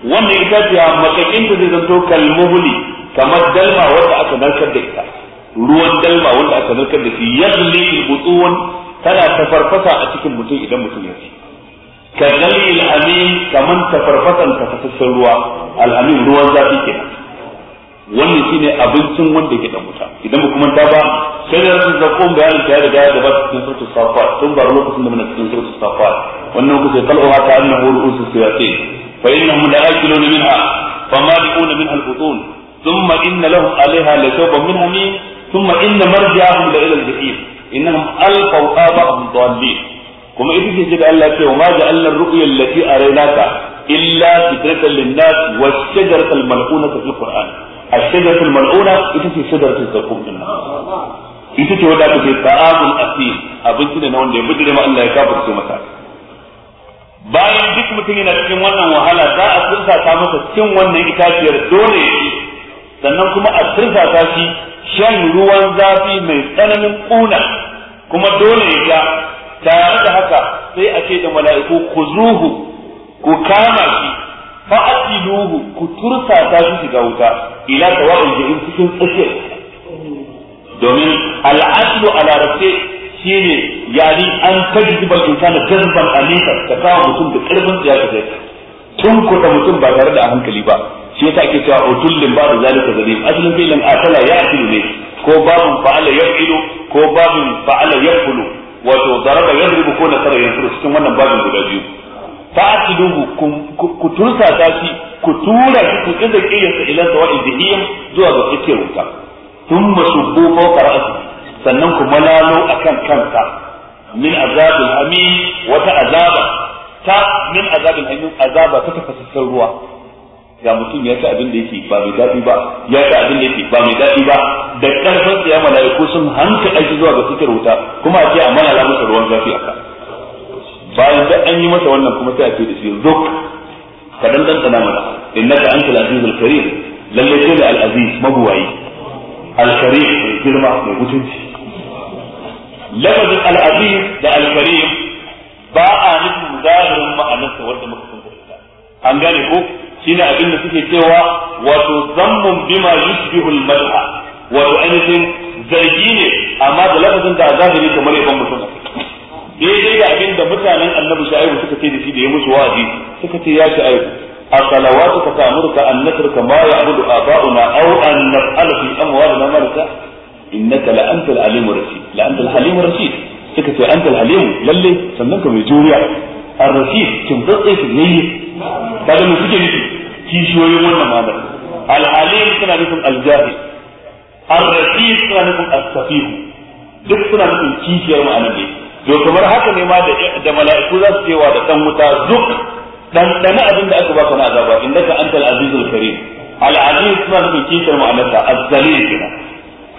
وان إتاتيا مكاكين تزيزنتو كالمهلي كما الدلمة وان أكا نركب دكتا ruwan dalma wanda aka narkar da shi yadda ne butuwan tana tafarfasa a cikin mutum idan mutum ya ci ka zali al'amin kaman tafarfasan tafasassun ruwa al'amin ruwan zafi kenan wannan shine abincin wanda ke dan wuta idan ba kuma ta ba sai da rasul zakon bayanin ta riga gaba cikin surtu safat tun ba lokacin da muna cikin surtu safat wannan kuke kalwa ta annahu rusul siyasin fa innahum la akiluna minha فمالئون منها البطون ثم إن لهم عليها لشوبا من هميم ثم إن مرجعهم لإلى الجحيم innahum alfaw aba'ahum dallin kuma ita ce da Allah ce wa ma ja'alna ar-ru'ya allati illa fitratan lin-nas wa shajarata al-mal'unata fil ita ce ita ce wadda take ta'amul asil abinci ne na wanda ya bijire ma Allah ya kafirce masa bayan duk mutum yana cikin wannan wahala za a tursa ta masa cin wannan itaciyar dole sannan kuma a tursa ta shi shan ruwan zafi mai tsananin kuna kuma dole ya ga tare da haka sai a ce da mala'iku ku zuhu ku kama shi fa atiluhu ku tursa ta shi shiga wuta ila tawa'il jahim cikin tsakiyar domin al'aslu ala rafi shine yari an kaji ba cuta na jazban alifa ta kawo mutum da karfin ya kaje tun kuta mutum ba tare da hankali ba shi yasa ake cewa utullin ba da zalika zalim asalin fi'lin atala ya asilu ne ko babun fa'ala yaf'ilu ko babun fa'ala yaf'ulu wato daraba yadribu ko nasara yansuru cikin wannan babin guda biyu fa'atiduhu ku tursa ta shi ku tura shi ku kinda kiyansa ila sawa'i jahiyam zuwa ga tsakiyar wuta thumma subbu fawqa ra'si sannan ku malalo akan kanta min azabin amin wata azaba ta min azabin amin azaba ta tafasassar ruwa ga mutum ya ci abin da yake ba mai daɗi ba ya ci abin da yake ba mai daɗi ba da ƙarfin tsaya mala'iku sun hanta aiki zuwa ga fitar wuta kuma a ce a malala masa ruwan zafi a ka bayan da an yi masa wannan kuma sai a ce da shi zuk ka dan dan tsana mana innaka antal aziz al karim lalle kai da al aziz mabuwayi al karim mai girma mai mutunci lafazin al aziz da al karim ba a nufin zahirin ma'anarsa wanda muka san an gane ko shine abin da suke cewa wato zammun bima yusbihul madha wato ainihin zargi ne amma da lafazin da zahiri kamar yaban mutum daidai da abin da mutanen annabi shu'aibu suka ce da shi da ya musu wa'azi suka ce ya shu'aibu الصلوات تأمرك أن نترك ما يعبد آباؤنا أو أن نفعل في أموالنا ما نشاء إنك لأنت العليم الرشيد لأنت الحليم الرشيد suka ce anta alhalimu lalle sannan ka mai juriya ar-rashid kin dutse ki ne kaga me suke nufi kishiyoyin wannan ma'anar al-alim suna nufin al-jahil ar-rashid suna nufin as-safih duk suna nufin kishiyar ma'anar ne to kamar haka ne ma da da mala'iku za su cewa da dan wuta duk dan dan abin da aka baka na azaba innaka antal azizul karim al-aziz suna nufin kishiyar ma'anarsa az-zalil kina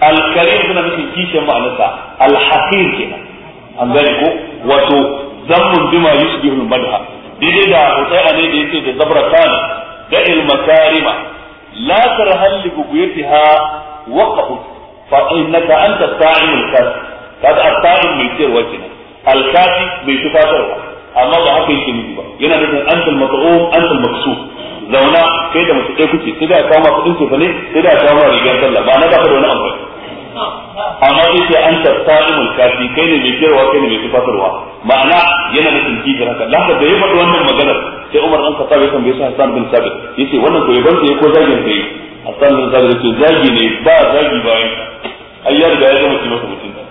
al-karim suna nufin kishiyar ma'anarsa al-hakim kenan an gane ko wato zammun bima yusbihu al-madha daidai da hutsai ne da yake da zabratan da makarima la tarhal li bughyatiha wa qahut fa innaka anta sa'imul kafi kaga as-sa'im mai cewa kenan al-kafi mai tufatarwa amma ba haka yake nufi ba yana da nufin antal mat'um antal maksud zauna kai da mutum ɗaya kuke sai da kawo masu ɗin tofa ne sai da kawo ma rigar sallah ba na ba da wani amfani amma sai sai an tasta imul kafi kai ne mai kirwa kai ne mai tufatarwa ma'ana yana nufin kifin haka da haka da ya faɗi wannan maganar sai Umar dan Khattab ya tambaye shi Hassan bin Sabit yace wannan ko yaban sai ko zagin sai Hassan bin Sabit yace zagi ne ba zagi bayan ai ya riga ya gama ci masa mutunta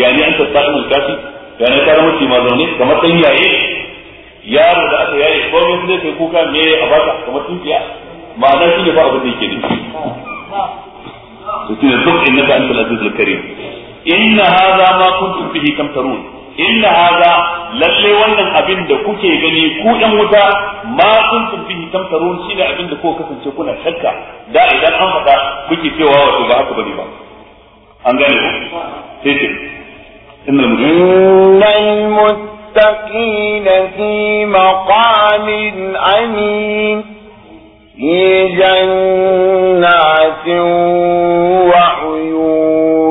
yani an tattauna kafi yani ka rama ci ma zaune kamar dan yaye yaro da aka yaye ko mun zai kai kuka me a baka kamar tunkiya ma'ana shi ne fa abin da yake ne to tunda duk innaka antal azizul karim inna hadha ma kuntum bihi tamtarun inna hadha lalle wannan abin da kuke gani ku ɗan wuta ma kuntum bihi tamtarun shine abin da kuka kasance kuna shakka da idan an faɗa kuke cewa wato ba haka bane ba an gane ku sai ce innal muttaqina fi maqamin amin في جنات وعيون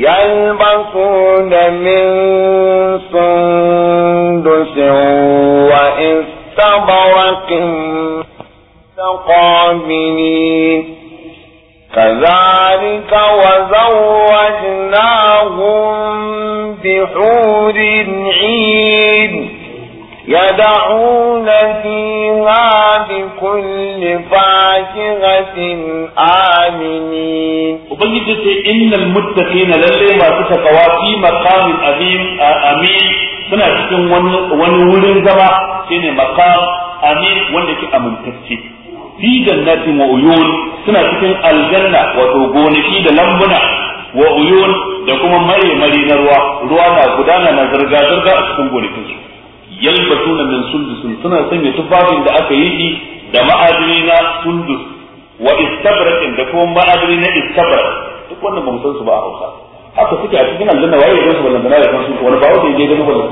يلبسون من سندس وإستبرق متقابلين كذلك وزوجناهم بحور عين يدعون فيها بكل فاكهة آمنين وبنجد إن المتقين للي ما تتقوى في مقام أمين أمين suna cikin wani wurin zama shine maqam amin wanda ke amintacce fi jannatin wa uyun suna cikin aljanna wato gonaki da lambuna wa da kuma mare na ruwa ruwa na gudana na zirga zirga a cikin gonakin su yalbasuna min sundus suna sanya tufafin da aka yi shi da ma'adini na sundus wa istabrakin da kuma ma'adini na istabrak duk wannan ba san su ba a Hausa haka suke a cikin aljanna waye ya gansu wannan ya kan su wani ba wata ya gani wannan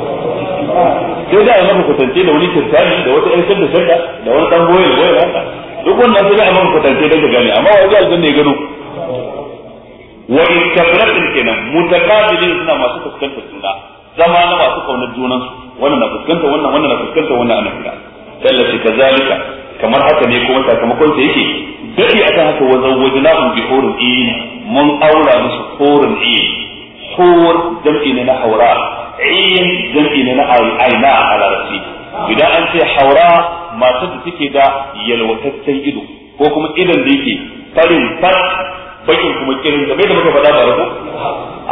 sai da ayyuka kutance da wani kirtani da wata yan da sanda da wani dan boye goyon haka duk wannan sai da ayyuka kutance da ga gani amma waje aljanna ya gano wa istabrakin kenan mutakabilin suna masu fuskantar juna zama na masu kaunar junansu wannan na fuskanta wannan wannan na fuskanta wannan ana fira sai Allah ce kazalika kamar haka ne kuma sakamakon sa yake dai aka haka wajen wajnahum bi hurun in mun aura musu hurun in hur jam'i ne na haura in jam'i ne na aina a larabci idan an ce haura masu da suke da yalwataccen ido ko kuma idan da yake farin fat bakin kuma kirin da bai da muka faɗa da rago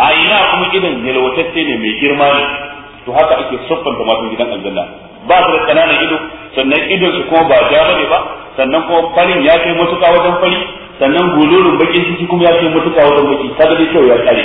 aina kuma idan yalwatacce ne mai girma ne to haka ake siffanta matan gidan aljanna ba su da kananan ido sannan idon su kuma ba ja bane ba sannan kuma farin ya kai matuƙa wajen fari sannan gulurin bakin ciki kuma ya kai matuƙa wajen baki kaga dai kyau ya kare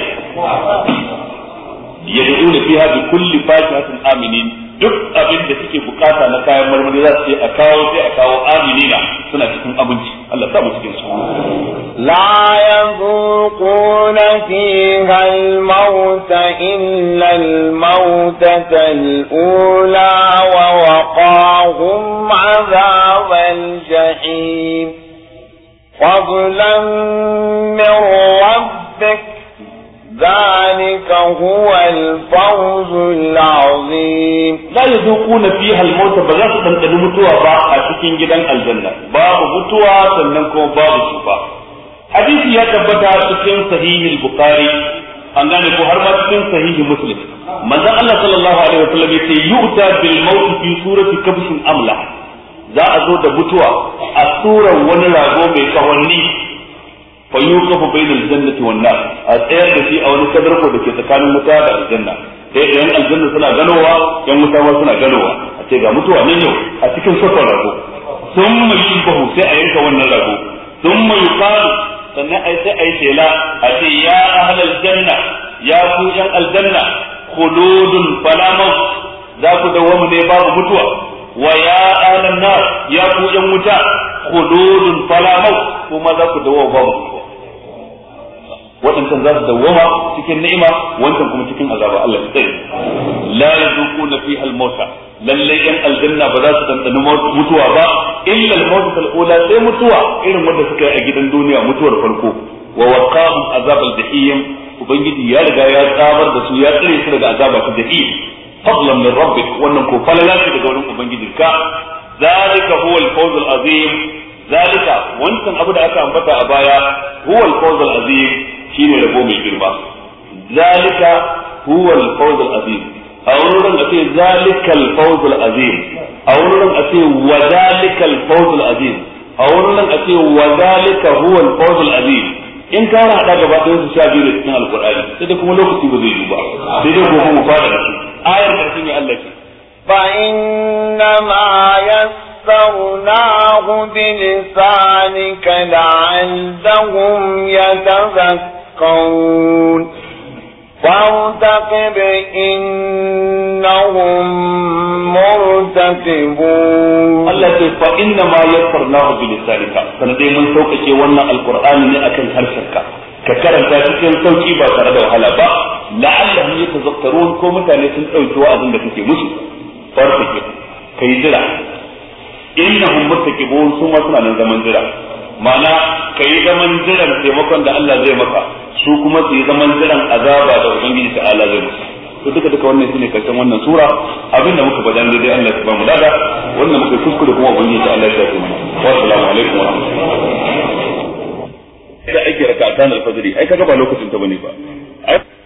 yad'una fiha bi kulli fakihatin aminin duk abin da suke bukata na kayan marmari za su ce a kawo sai a kawo aminina suna cikin abinci Allah sa mu cikin su la yanzuquna fiha al-maut illa al-maut al-ula wa waqahum 'adhab al-jahim fadlan min rabbik ذلك هو الفوز العظيم لا يذوقون فيها الموت بغاس تنتظر متوى با أشكين جدا الجنة باب متوى سننكم باب ya حديث يتبتع سكين صحيح البخاري an gane ko har ma cikin sahihi muslim manzon Allah sallallahu alaihi wasallam yace yu'ta bil maut fi surati amla za a zo da mutuwa a surar wani rago mai kawanni fa bai da jannati wan wannan. a tsayar da shi a wani kadarko da ke tsakanin mutuwa da aljanna sai idan aljanna suna ganowa yan mutuwa ma suna ganowa a ce ga mutuwa ne yau a cikin sofar rago sun mai bahu sai a yanka wannan rago sun mai faru, sannan ai sai ai tela a ce ya ahlal janna ya ku yan aljanna khuludun fala maut za ku dawwamu ne babu mutuwa wa ya ahlan nar ya ku yan wuta khuludun fala maut kuma za ku dawwamu babu mutuwa waɗancan za su dawwama cikin ni'ima wancan kuma cikin azaba Allah ya tsare la yazuquna fiha al-mauta lalle yan aljanna ba za su dandani mutuwa ba illa al-mautu al-ula sai mutuwa irin wanda suka yi a gidan duniya mutuwar farko wa waqahum azab al-jahim ubangiji ya riga ya tsabar da su ya tsare su daga azaba ta jahim fadlan min rabbik wannan ko falala ce daga wurin ka. zalika huwa al-fawz al-azim zalika wancan abu da aka ambata a baya huwa al-fawz al-azim shine rabo mai girma zalika huwa al azim a wurin a ce zalika al-fawz azim a wurin a ce wa zalika al azim a wurin a ce wa zalika huwa al azim in ka hada gaba ɗayan su sha biyu da cikin alkur'ani sai da kuma lokaci ba zai yi ba sai dai gobe mu fara da su ayar karshen ya Allah ce fa innama yassarnahu bi lisanika la'allahum yatazakkarun يتقون فارتقب إنهم مرتقبون الله فإنما يسرناه بلسانك سندي من سوكك وانا القرآن لأكل هرشك ككرم cikin sauki ba tare da wahala ba la'allahum yatazakkarun ko mutane sun dauki wa'azin da kake musu farfake kai jira innahum murtakibun su suna nan zaman jira ma'ana ka yi zaman jiran taimakon da Allah zai maka su kuma su yi zaman jiran azaba da ubangiji ta Allah zai maka to duka duka wannan shine karshen wannan sura abinda muka bada dai Allah ya ba mu dada wannan muka kuskure kuma ubangiji ta Allah ya shafe mu wa assalamu alaikum wa rahmatullahi da ake rakatan alfajiri ai kaga ba lokacin ta bane ba